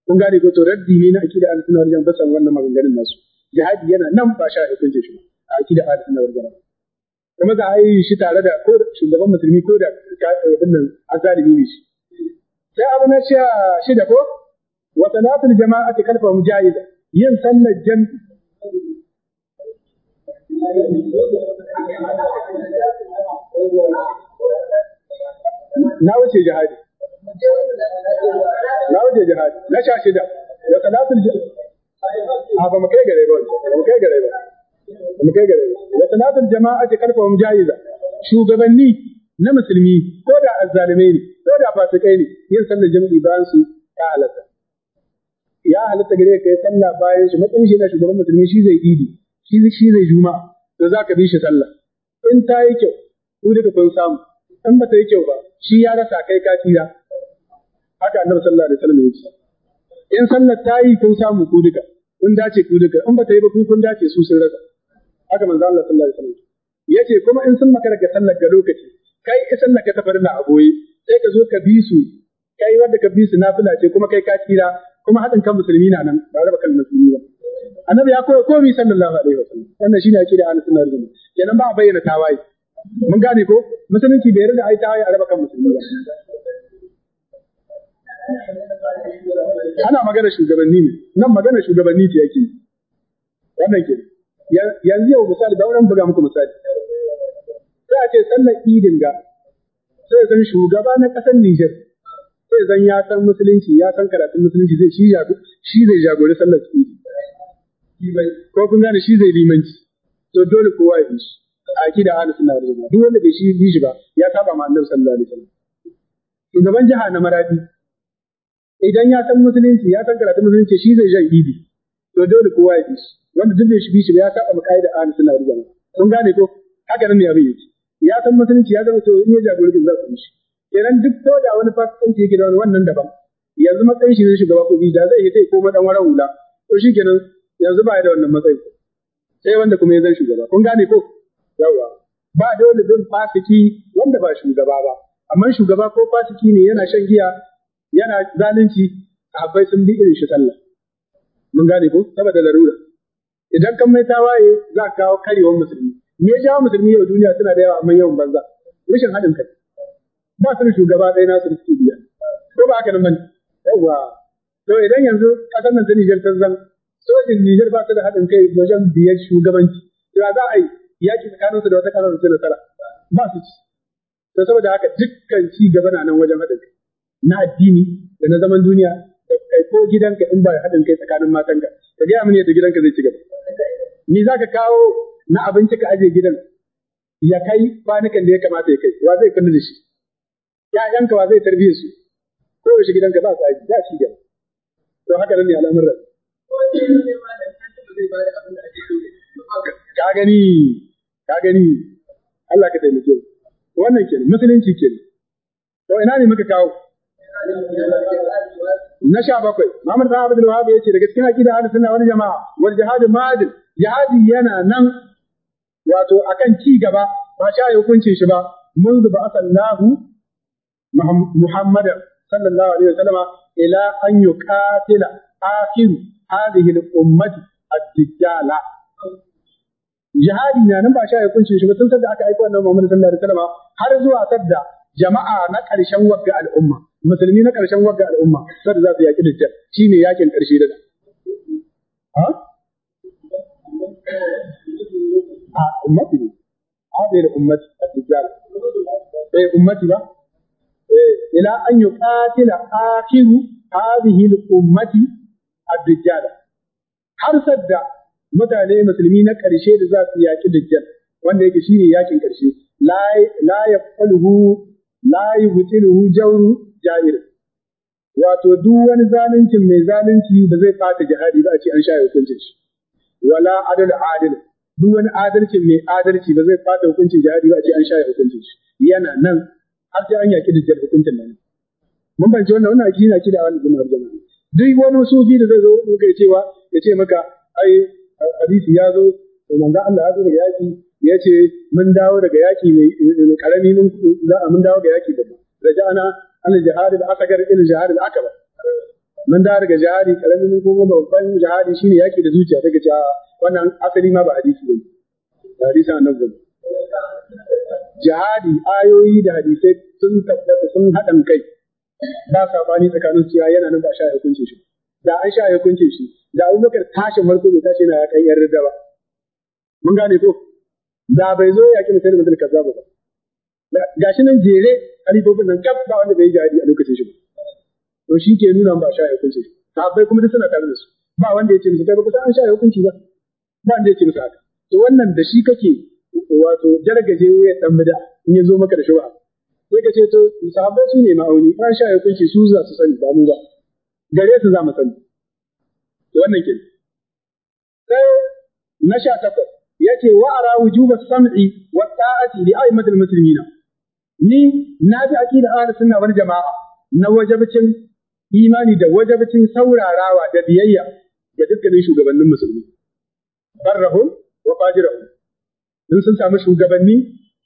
kun gane ko to raddi ne na aqida ahlus sunna wal jamaa san wannan maganganun nasu jihadi yana nan ba sha hukuncin shi ba aqida ahlus sunna wal jamaa kuma za a yi shi tare da ko shugaban musulmi ko da wannan azalimi ne shi sai abu na sha shida ko wa salatul jama'ati kalfa mujahid yin sallar jami'i na wuce jihadi na wuce jihadi na sha shida wa salatul jami'i a ba mu kai gare ba ba mu kai gare ba mu kai gare wa salatul jama'ati kalfahum jayiza shugabanni na musulmi ko da azzalimai ne ko da fasikai ne yin sallar jami'i bayan su ya halatta ya halatta gare ka yi sallah bayan shi matsayin shi na shugaban musulmi shi zai idi shi shi zai juma da za ka bi shi sallah in ta yi kyau ku duka kun samu in ba ta yi kyau ba shi ya rasa kai ka tira haka annabi sallallahu alaihi wasallam ya ce in sallar ta yi kun samu ku duka kun dace ku duka in ba ta yi ba ku kun dace su sun rasa haka manzo Allah sallallahu alaihi wasallam yace kuma in sun maka daga sallar ga lokaci kai isan ka ta na a sai ka zo ka bi su kai wanda ka bi su nafila ce kuma kai ka tsira kuma haɗin kan musulmi na nan ba raba kan musulmi ba annabi ya koya komai sallallahu alaihi wasallam wannan shine ake da ahlus sunna jama'a kenan ba a bayyana tawaye mun gane ko musulunci bai rinda ai tawaye a raba kan musulmi ba ana magana shugabanni ne nan magana shugabanni ce yake wannan kenan yanzu yau misali da wurin buga muku misali sai a ce sallar idin ga sai zan shugaba na ƙasar Nijar sai zan ya san musulunci ya san karatun musulunci zai shi shi zai jagori sallar idin. ko kun gane shi zai limanci to dole kowa ya shi a akida da sunna suna jamaa duk wanda bai shi yi shi ba ya saba ma annabi sallallahu alaihi wasallam shugaban jiha na maradi idan ya san musulunci ya san karatun musulunci shi zai jan idi to dole kowa ya bi wanda duk da shi bi ya saba mu kaida ahlus sunna wal jamaa kun gane ko haka nan ne abin yake ya san musulunci ya zama to in ya jagoranci za ku shi kenan duk ko da wani fasikanci yake da wani wannan daban yanzu matsayin shi ne shugaba ko bi da zai yi ko madan wara hula to kenan yanzu ba ya da wannan matsayi sai wanda kuma ya zan shugaba kun gane ko yawa ba dole bin fasiki wanda ba shugaba ba amma shugaba ko fasiki ne yana shan giya yana zalunci sahabbai sun bi irin shi sallah mun gane ko saboda larura idan kan mai tawaye za ka kawo karewar musulmi me ya jawo musulmi yau duniya suna da yawa amma yawan banza rashin haɗin kai ba su da shugaba ɗaya na su da su biya ko ba haka nan bane yawa to idan yanzu ƙasar nan ta Niger ta zan sojin Niger ba su da haɗin kai wajen biyar shugabanci to za a yi yaki tsakaninsu da wata kasar su nasara ba su ci to saboda haka dukkan ci gaba na nan wajen haɗin kai na addini da na zaman duniya kai ko gidanka in ba haɗin kai tsakanin matanka ka gaya mini yadda gidanka zai ci gaba ni za ka kawo na abinci ka aje gidan ya kai kwanukan da ya kamata ya kai wa zai kula da shi Ya'yanka wa zai tarbiyyar su ko yaushe gidanka ba su aji za ci gaba to haka nan ne al'amuran ka gani ka gani Allah ka taimake mu wannan kenan musulunci kenan to ina ne muka kawo na sha bakwai Muhammad bin Abdul Wahhab yace daga cikin aqida ahlus sunna wal jamaa wal jihad madin jihadi yana nan wato akan ci gaba ba sha hukuncin shi ba منذ بعث الله محمد صلى الله عليه وسلم إلى أن يقاتل آخر هذه الأمة jihadi na nan ba sha ya kunshi shi ba tun sadda aka aiko annabi Muhammad sallallahu har zuwa sada jama'a na ƙarshen wagga al'umma musulmi na ƙarshen wagga al'umma sai za su yaƙi dajjal shine yakin ƙarshe da ha a ummati ne da ummati ad-dajjal eh ummati ba eh ila an yuqatila akhiru hadhihi al-ummati ad-dajjal har sadda mutane musulmi na ƙarshe da za su yaƙi dajjal wanda yake shine yakin ƙarshe la la yaqulu la yubtiluhu jawru ja'ir wato duk wani zaluncin mai zalunci ba zai fata jihadi ba a ce an shaye hukuncin shi wala adal adil duk wani adalci mai adalci ba zai fata hukuncin jihadi ba a ce an shaye hukuncin shi yana nan har sai an yaki da hukuncin nan mun bance wannan wannan akida a wannan jama'ar jama'a duk wani sufi da zai zo maka ya cewa ya ce maka ai hadisi ya zo manzo Allah ya zo daga yaki ya ce mun dawo daga yaki mai karami mun za a mun dawo daga yaki babba raja'ana al jihad al akbar ila jihad al akbar mun da daga jihadi karamin da babban jihadi shine yaki da zuciya daga ja wannan asali ma ba hadisi hadisi hadisan annabi jihadi ayoyi da hadisai sun tabbata sun hadan kai ba sabani tsakanin su yana nan ba sha ya shi da an sha ya shi da Abubakar tashin marko bai tashi yana kan yar ba mun gane ko da bai zo yakin sai da mutum kazzaba ba Ga shi nan jere alifofin nan kaf ba wanda bai yi a lokacin shi ba to shi ke nuna ba sha hukunci shi bai kuma duk suna tare da su ba wanda ya ce musu kai ba an sha hukunci ba ba wanda ya ce musu haka to wannan da shi kake wato jaragaje wayar dan bida in ya zo maka da shuba sai ka ce to sahabbai su ne ma'auni an sha hukunci su za su sani ba mu ba gare su za mu sani to wannan ke sai na sha takwas yake wa ara wujuba sam'i wa ta'ati li a'immatil muslimina ni na fi da ahlus sunna wal jama'a na wajabcin imani da wajabcin saurarawa da biyayya ga dukkanin shugabannin musulmi barrahum wa fajirahum in sun samu shugabanni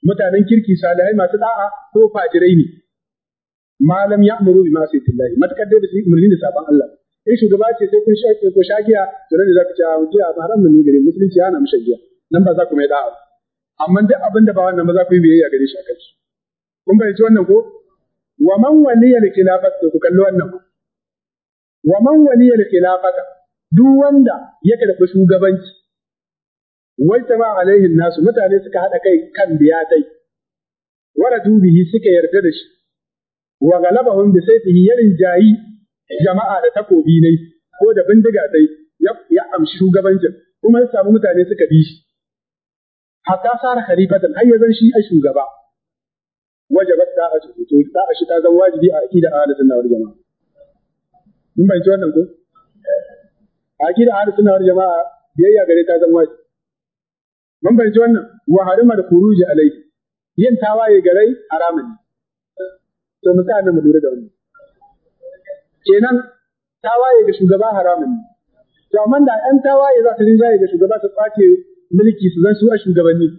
mutanen kirki salihai masu da'a ko fajirai ne malam ya'muru bi ma'siyatillahi matakar dai bisu umarni da sabon Allah in shugaba ce sai kun shaƙe ko shagiya to nan da ku ce wuce a haram ne gare musulunci yana mushagiya nan ba za ku mai da'a amma duk abin da ba wannan ba za ku yi biyayya gare shi a kansu Kun fahimci wannan ko? Wa man waliyar khilafata ku kalli wannan. Wa man waliyar khilafata duk wanda ya karɓi shugabanci wai ta ba alaihin nasu mutane suka haɗa kai kan biyatai wara dubihi suka yarda da shi wa galabahum bi sayfihi yarin jayi jama'a da takobi ne ko da bindiga dai ya amshi shugabancin kuma ya samu mutane suka bi shi hatta sara khalifatan har ya zan shi a shugaba wajabat cikin to da shi ta zama wajibi a aqida ahlus sunna wal jama'a mun bayyana wannan ko aqida ahlus sunna wal jama'a biyayya gare ta zama wajibi mun bayyana wannan wa harima da khuruji alai yin tawaye gare haramun to mu sa mu dure da wannan kenan tawaye ga shugaba haramun to amma da an tawaye za ta rinjaye ga shugaba ta tsake mulki su zan su a shugabanni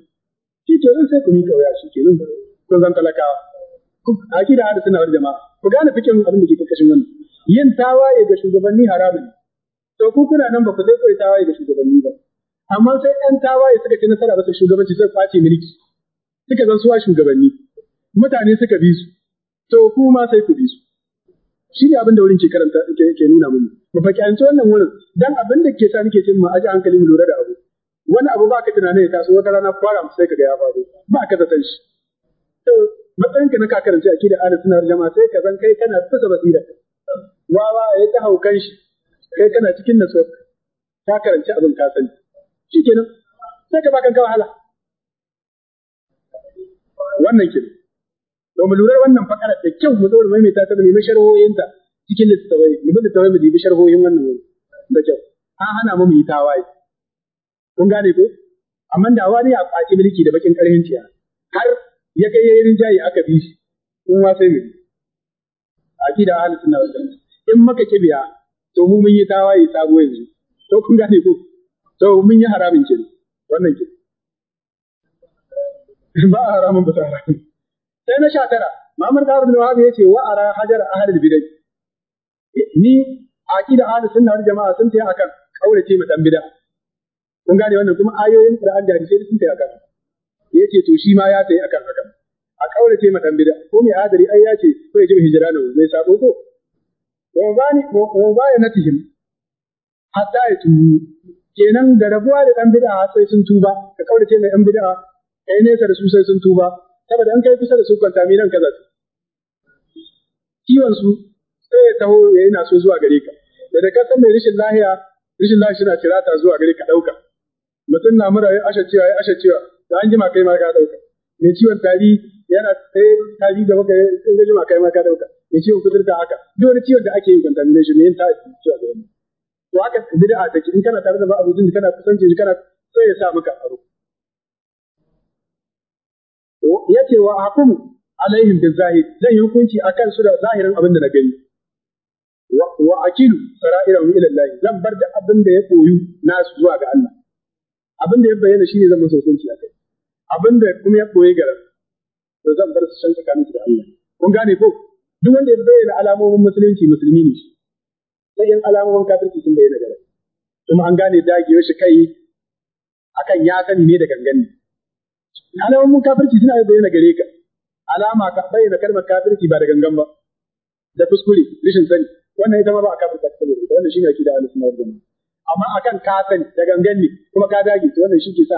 shi ke sai ku mika wuya shi ke nan kun zan talakawa a akida hada suna wani jama'a ku gane fikin abin da ke karkashin wannan yin tawaye ga shugabanni haramun to ku kuna nan ba ku zai koyi tawaye ga shugabanni ba amma sai ɗan tawaye suka ci nasara ba su shugabanci sai kwace mulki suka zan suwa shugabanni mutane suka bi su to ku ma sai ku bi su shi ne abin da wurin ke karanta ke nuna mun mu fakiyanci wannan wurin dan abin da ke sa nake cin mu aji hankali mu lura da abu wani abu ba ka tunanin ya taso wata rana kwara mu sai ka ga ya faru ba ka zaton shi to matsayin ka na ka karanci akidar ahlus sunna jama'a sai ka zan kai kana tsaka basira wawa ya ta haukan shi kai kana cikin nasuwa ka karanci abin ka sani shikenan sai ka ka wahala wannan kin to mu lura wannan fakara da kyau mu zo mu maimaita ta mu nemi sharhohinta cikin littattafai mu bi littattafai mu dibi sharhohin wannan wuri da kyau an hana mu yi tawaye kun gane ko amma da wani ya kwaci miliki da bakin karhin ciya har ya kai yayin jayi aka bi shi in wa sai mu akida ahli sunna wal jamaa in maka kibiya to mu mun yi tawayi sabo yanzu to kun gane ko to mun yi haramin ce wannan ke ba haramin ba haramin sai na sha tara da Dawud bin ya yace wa ara hajar ahli bidai ni akida ahli sunna wal jamaa sun tayi akan kaurace mu dan bid'a kun gane wannan kuma ayoyin Qur'an da hadisi sun tayi akan ce to shi ma ya yi akan haka a kaurace ma dan bid'a ko mai adari ai ya ce ko hijira hijrana zai sabo ko wani wani na tihim hatta tu kenan da rabuwa da dan bid'a sai sun tuba ka kaurace mai dan bid'a kai nesa da su sai sun tuba saboda an kai kusa da su kwanta mi nan kaza kiwon su sai ya taho ya yana so zuwa gare ka da da kasan mai rishin lahiya rishin lahiya shi na tirata zuwa gare ka dauka mutum na mura ya asha cewa ya asha cewa to an jima kai ma ka dauka mai ciwon tari yana sai tari gaba ka in jima kai ma ka dauka mai ciwon da haka duk wani ciwon da ake yin contamination ne yin ta ciwa da wani to haka bid'a take in kana tare da ba ma'abucin kana kusanci kana so ya sa maka aro ce wa hakum alaihim bil zahir zan yi hukunci akan su da zahirin abin da na gani wa akilu Sara'iran ila Allah zan bar da abin da ya koyu nasu zuwa ga Allah abin da ya bayyana shine zan masa hukunci akai abin da kuma ya koyi garin to zan bar su can kamun da Allah kun gane ko duk wanda ya bayyana alamomin musulunci musulmi ne shi sai 'yan alamomin kafirci sun bayyana garin kuma an gane dagewa shi kai akan ya sani ne da gangan ne alamomin kafirci suna bayyana gare ka alama ka bayyana kalmar kafirci ba da gangan ba da kuskure rishin sani wannan ita ma ba a kafirta ta saboda wannan shine akida ahlus sunna wal jamaa amma akan ka sani da gangan ne kuma ka dage to wannan shi ke sa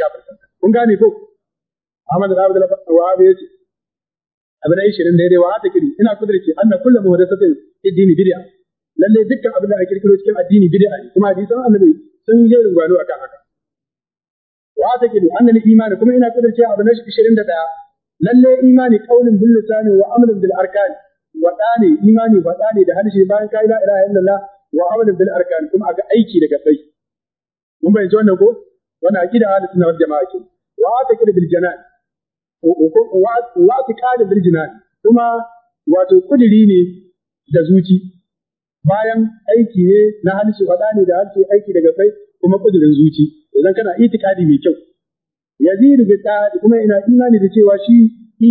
ka kafirta kun gane ko Ahmad da Abdul Wahab yace abin da 20 daidai wa ta kiri ina kullum anna da muhdathatin fi dini bid'a lalle dukkan abin da aka kirkiro cikin addini bid'a ne kuma hadisan annabi sun yi jerin akan haka wa ta kiri anna imani kuma ina kudurce abin da 21 lalle imani qaulun bil lisani wa amrun bil arkan wada ne imani wada ne da harshe bayan kai la ilaha illallah wa amrun bil arkan kuma aga aiki daga sai mun bayyana wannan ko wannan aqida ahlus sunna wal jamaa kenan wa ta kida bil wa ta bil janan kuma wato kudiri ne da zuci bayan aiki ne na harshe faɗa ne da hannu aiki daga kai kuma kudirin zuci idan kana itikadi mai kyau yazidu bi tsadi kuma ina imani da cewa shi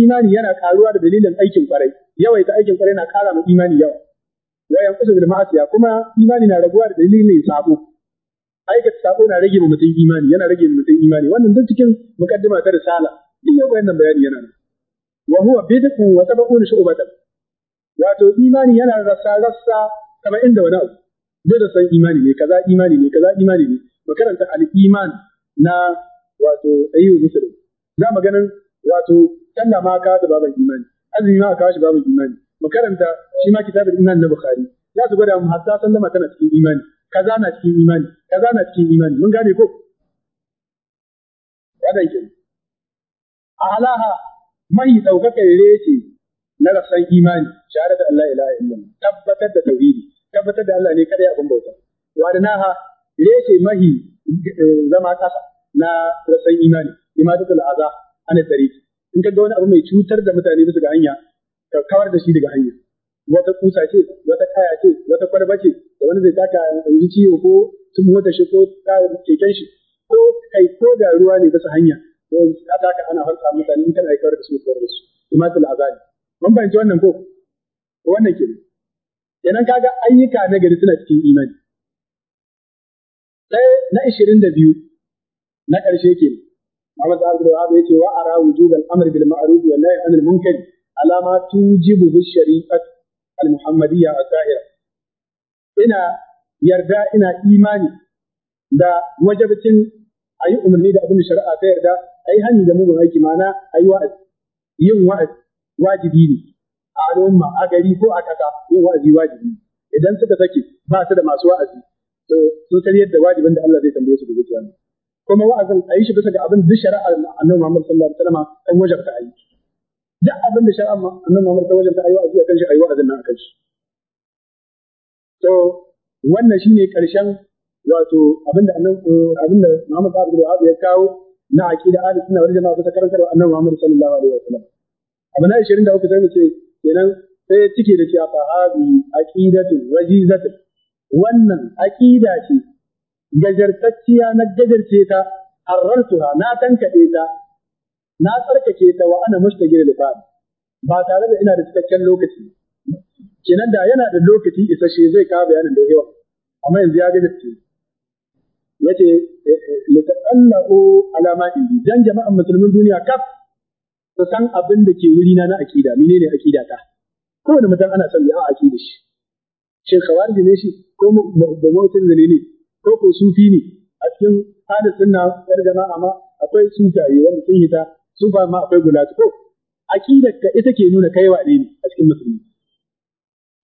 imani yana karuwa da dalilin aikin kwarai yawaita aikin kwarai na kara ma imani yawa wa kusa bil ma'asiya kuma imani na raguwa da dalilin sabo aikata sabo na rage mutum imani yana rage mutum imani wannan duk cikin mukaddima ta risala din yau bayan bayani yana nan wa huwa bid'u wa tabaqun shu'batan wato imani yana rasa rasa kama inda wani abu zai da san imani ne kaza imani ne kaza imani ne Makaranta al-iman na wato ayyu muslim za mu ganin wato talla ma ka da baban imani azumi ma ka shi baban imani Makaranta shi ma kitabul iman na bukhari za su gwada mu hatta sallama tana cikin imani kaza na cikin imani kaza na cikin imani mun gane ko wannan ke alaha mai daukakar rece na rasan imani da Allah ilaha illallah tabbatar da tauhidi tabbatar da Allah ne kada ya bauta wadanaha rece mahi eh, zama kasa na rasan imani imadatul aza ana tariki in ka ga wani abu mai cutar da mutane bisa ga hanya ka kawar da shi daga hanya wata kusa ce wata kaya ce wata kwalba ce da wani zai taka yanzu ciwo ko tun mota shi ko keken shi ko kai ko da ruwa ne bisa hanya ko a taka ana harka mutane in kana aikawar da su kawar da su imatul azali mun bayyana wannan ko wannan ke kenan kaga ayyuka na gari suna cikin imani sai na ishirin da biyu na ƙarshe ke Muhammad Abdul Wahab yace wa ara wujub al-amr bil ma'ruf wa nahy anil munkar alama tujibu bi shari'at al-muhammadiyya al-zahira ina yarda ina imani da wajabcin a yi umarni da abin da shari'a ta yarda a yi hannu da mugun aiki mana a yi wa'azi yin wa'azi wajibi ne a al'umma a gari ko a kasa yin wa'azi wajibi ne idan suka sake ba su da masu wa'azi to sun san yadda wajibin da Allah zai tambaye su gobe kiyama kuma wa'azin a yi shi bisa ga abin da shari'a Annabi Muhammad sallallahu alaihi wasallam an wajabta a yi duk abin da shari'a Annabi Muhammad ta wajabta a yi wa'azi akan shi a yi wa'azin nan akan shi to wannan shine karshen wato abinda annan eh, abinda Muhammad Abdul Wahab ya kawo na aqida ahli sunna wal jama'a ta karantar annan Muhammad sallallahu alaihi wasallam abu na 23 sai mu ce kenan sai cike da cewa fa hadi aqidatu wajizatu wannan aqida ce gajartacciya na gajarce ta harartuha na tankade ta na tsarkake ta wa ana mushtagil ba tare da ina da cikakken lokaci kenan da yana da lokaci isasshe zai kawo bayanin da yawa amma yanzu ya ga ce yace eh, eh, ala alama indi dan jama'an musulmin duniya kaf su san abin da ke wuri na na akida menene akida ta kowane mutum ana son ya akida shi shin khawarij ne shi ko mu'tazil ne ne ko ko sufi ne a cikin hadis sunna yar jama'a ma akwai sufaye wanda sun hita sufa ma akwai gulatu ko akidar ka ita ke nuna kai ne a cikin musulmi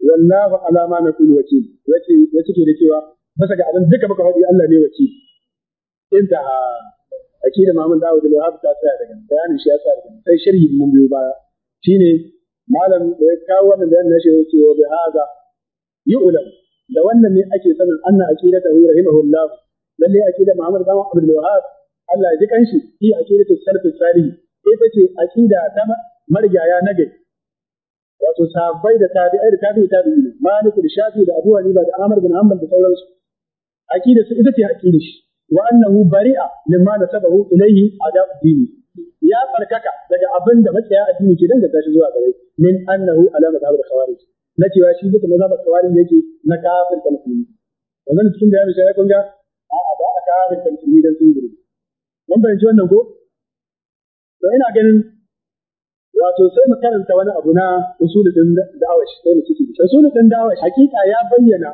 wallahu ala ma naqulu wakil yace yace ke da cewa bisa ga abin duka muka faɗi Allah ne wakil intaha akida Muhammad Dawud da Wahab ta tsaya daga bayanin shi ya tsaya daga sai sharhi mun biyo baya shine malam da ya kawo wannan bayanin nashi yace wa bihaza yu'lam da wannan ne ake sanin anna aqidatahu rahimahullah lalle aqida Muhammad Dawud Abdul Wahab Allah ya ji kanshi shi aqidatu salafus salih ita ce aqida ta marigaya nagari wato sahabbai da tabi'ai da tabi'i tabi'i maliku da shafi da abu hanifa da amr bin hanbal da sauransu aqida su ita ce aqida shi wa annahu bari'a mimma nasabahu ilayhi adab dini ya farkaka daga abin da makiya addini ke danganta shi zuwa gare min annahu ala da khawarij na cewa shi duka da khawarij yake na kafir da musulmi wannan cikin bayanin shi ya kun ga a'a ba a kafir da musulmi dan sun gure mun bayyana wannan ko to ina ganin wato sai mu karanta wani abu na usulul da'awa sai mu ciki usulul da'awa hakika ya bayyana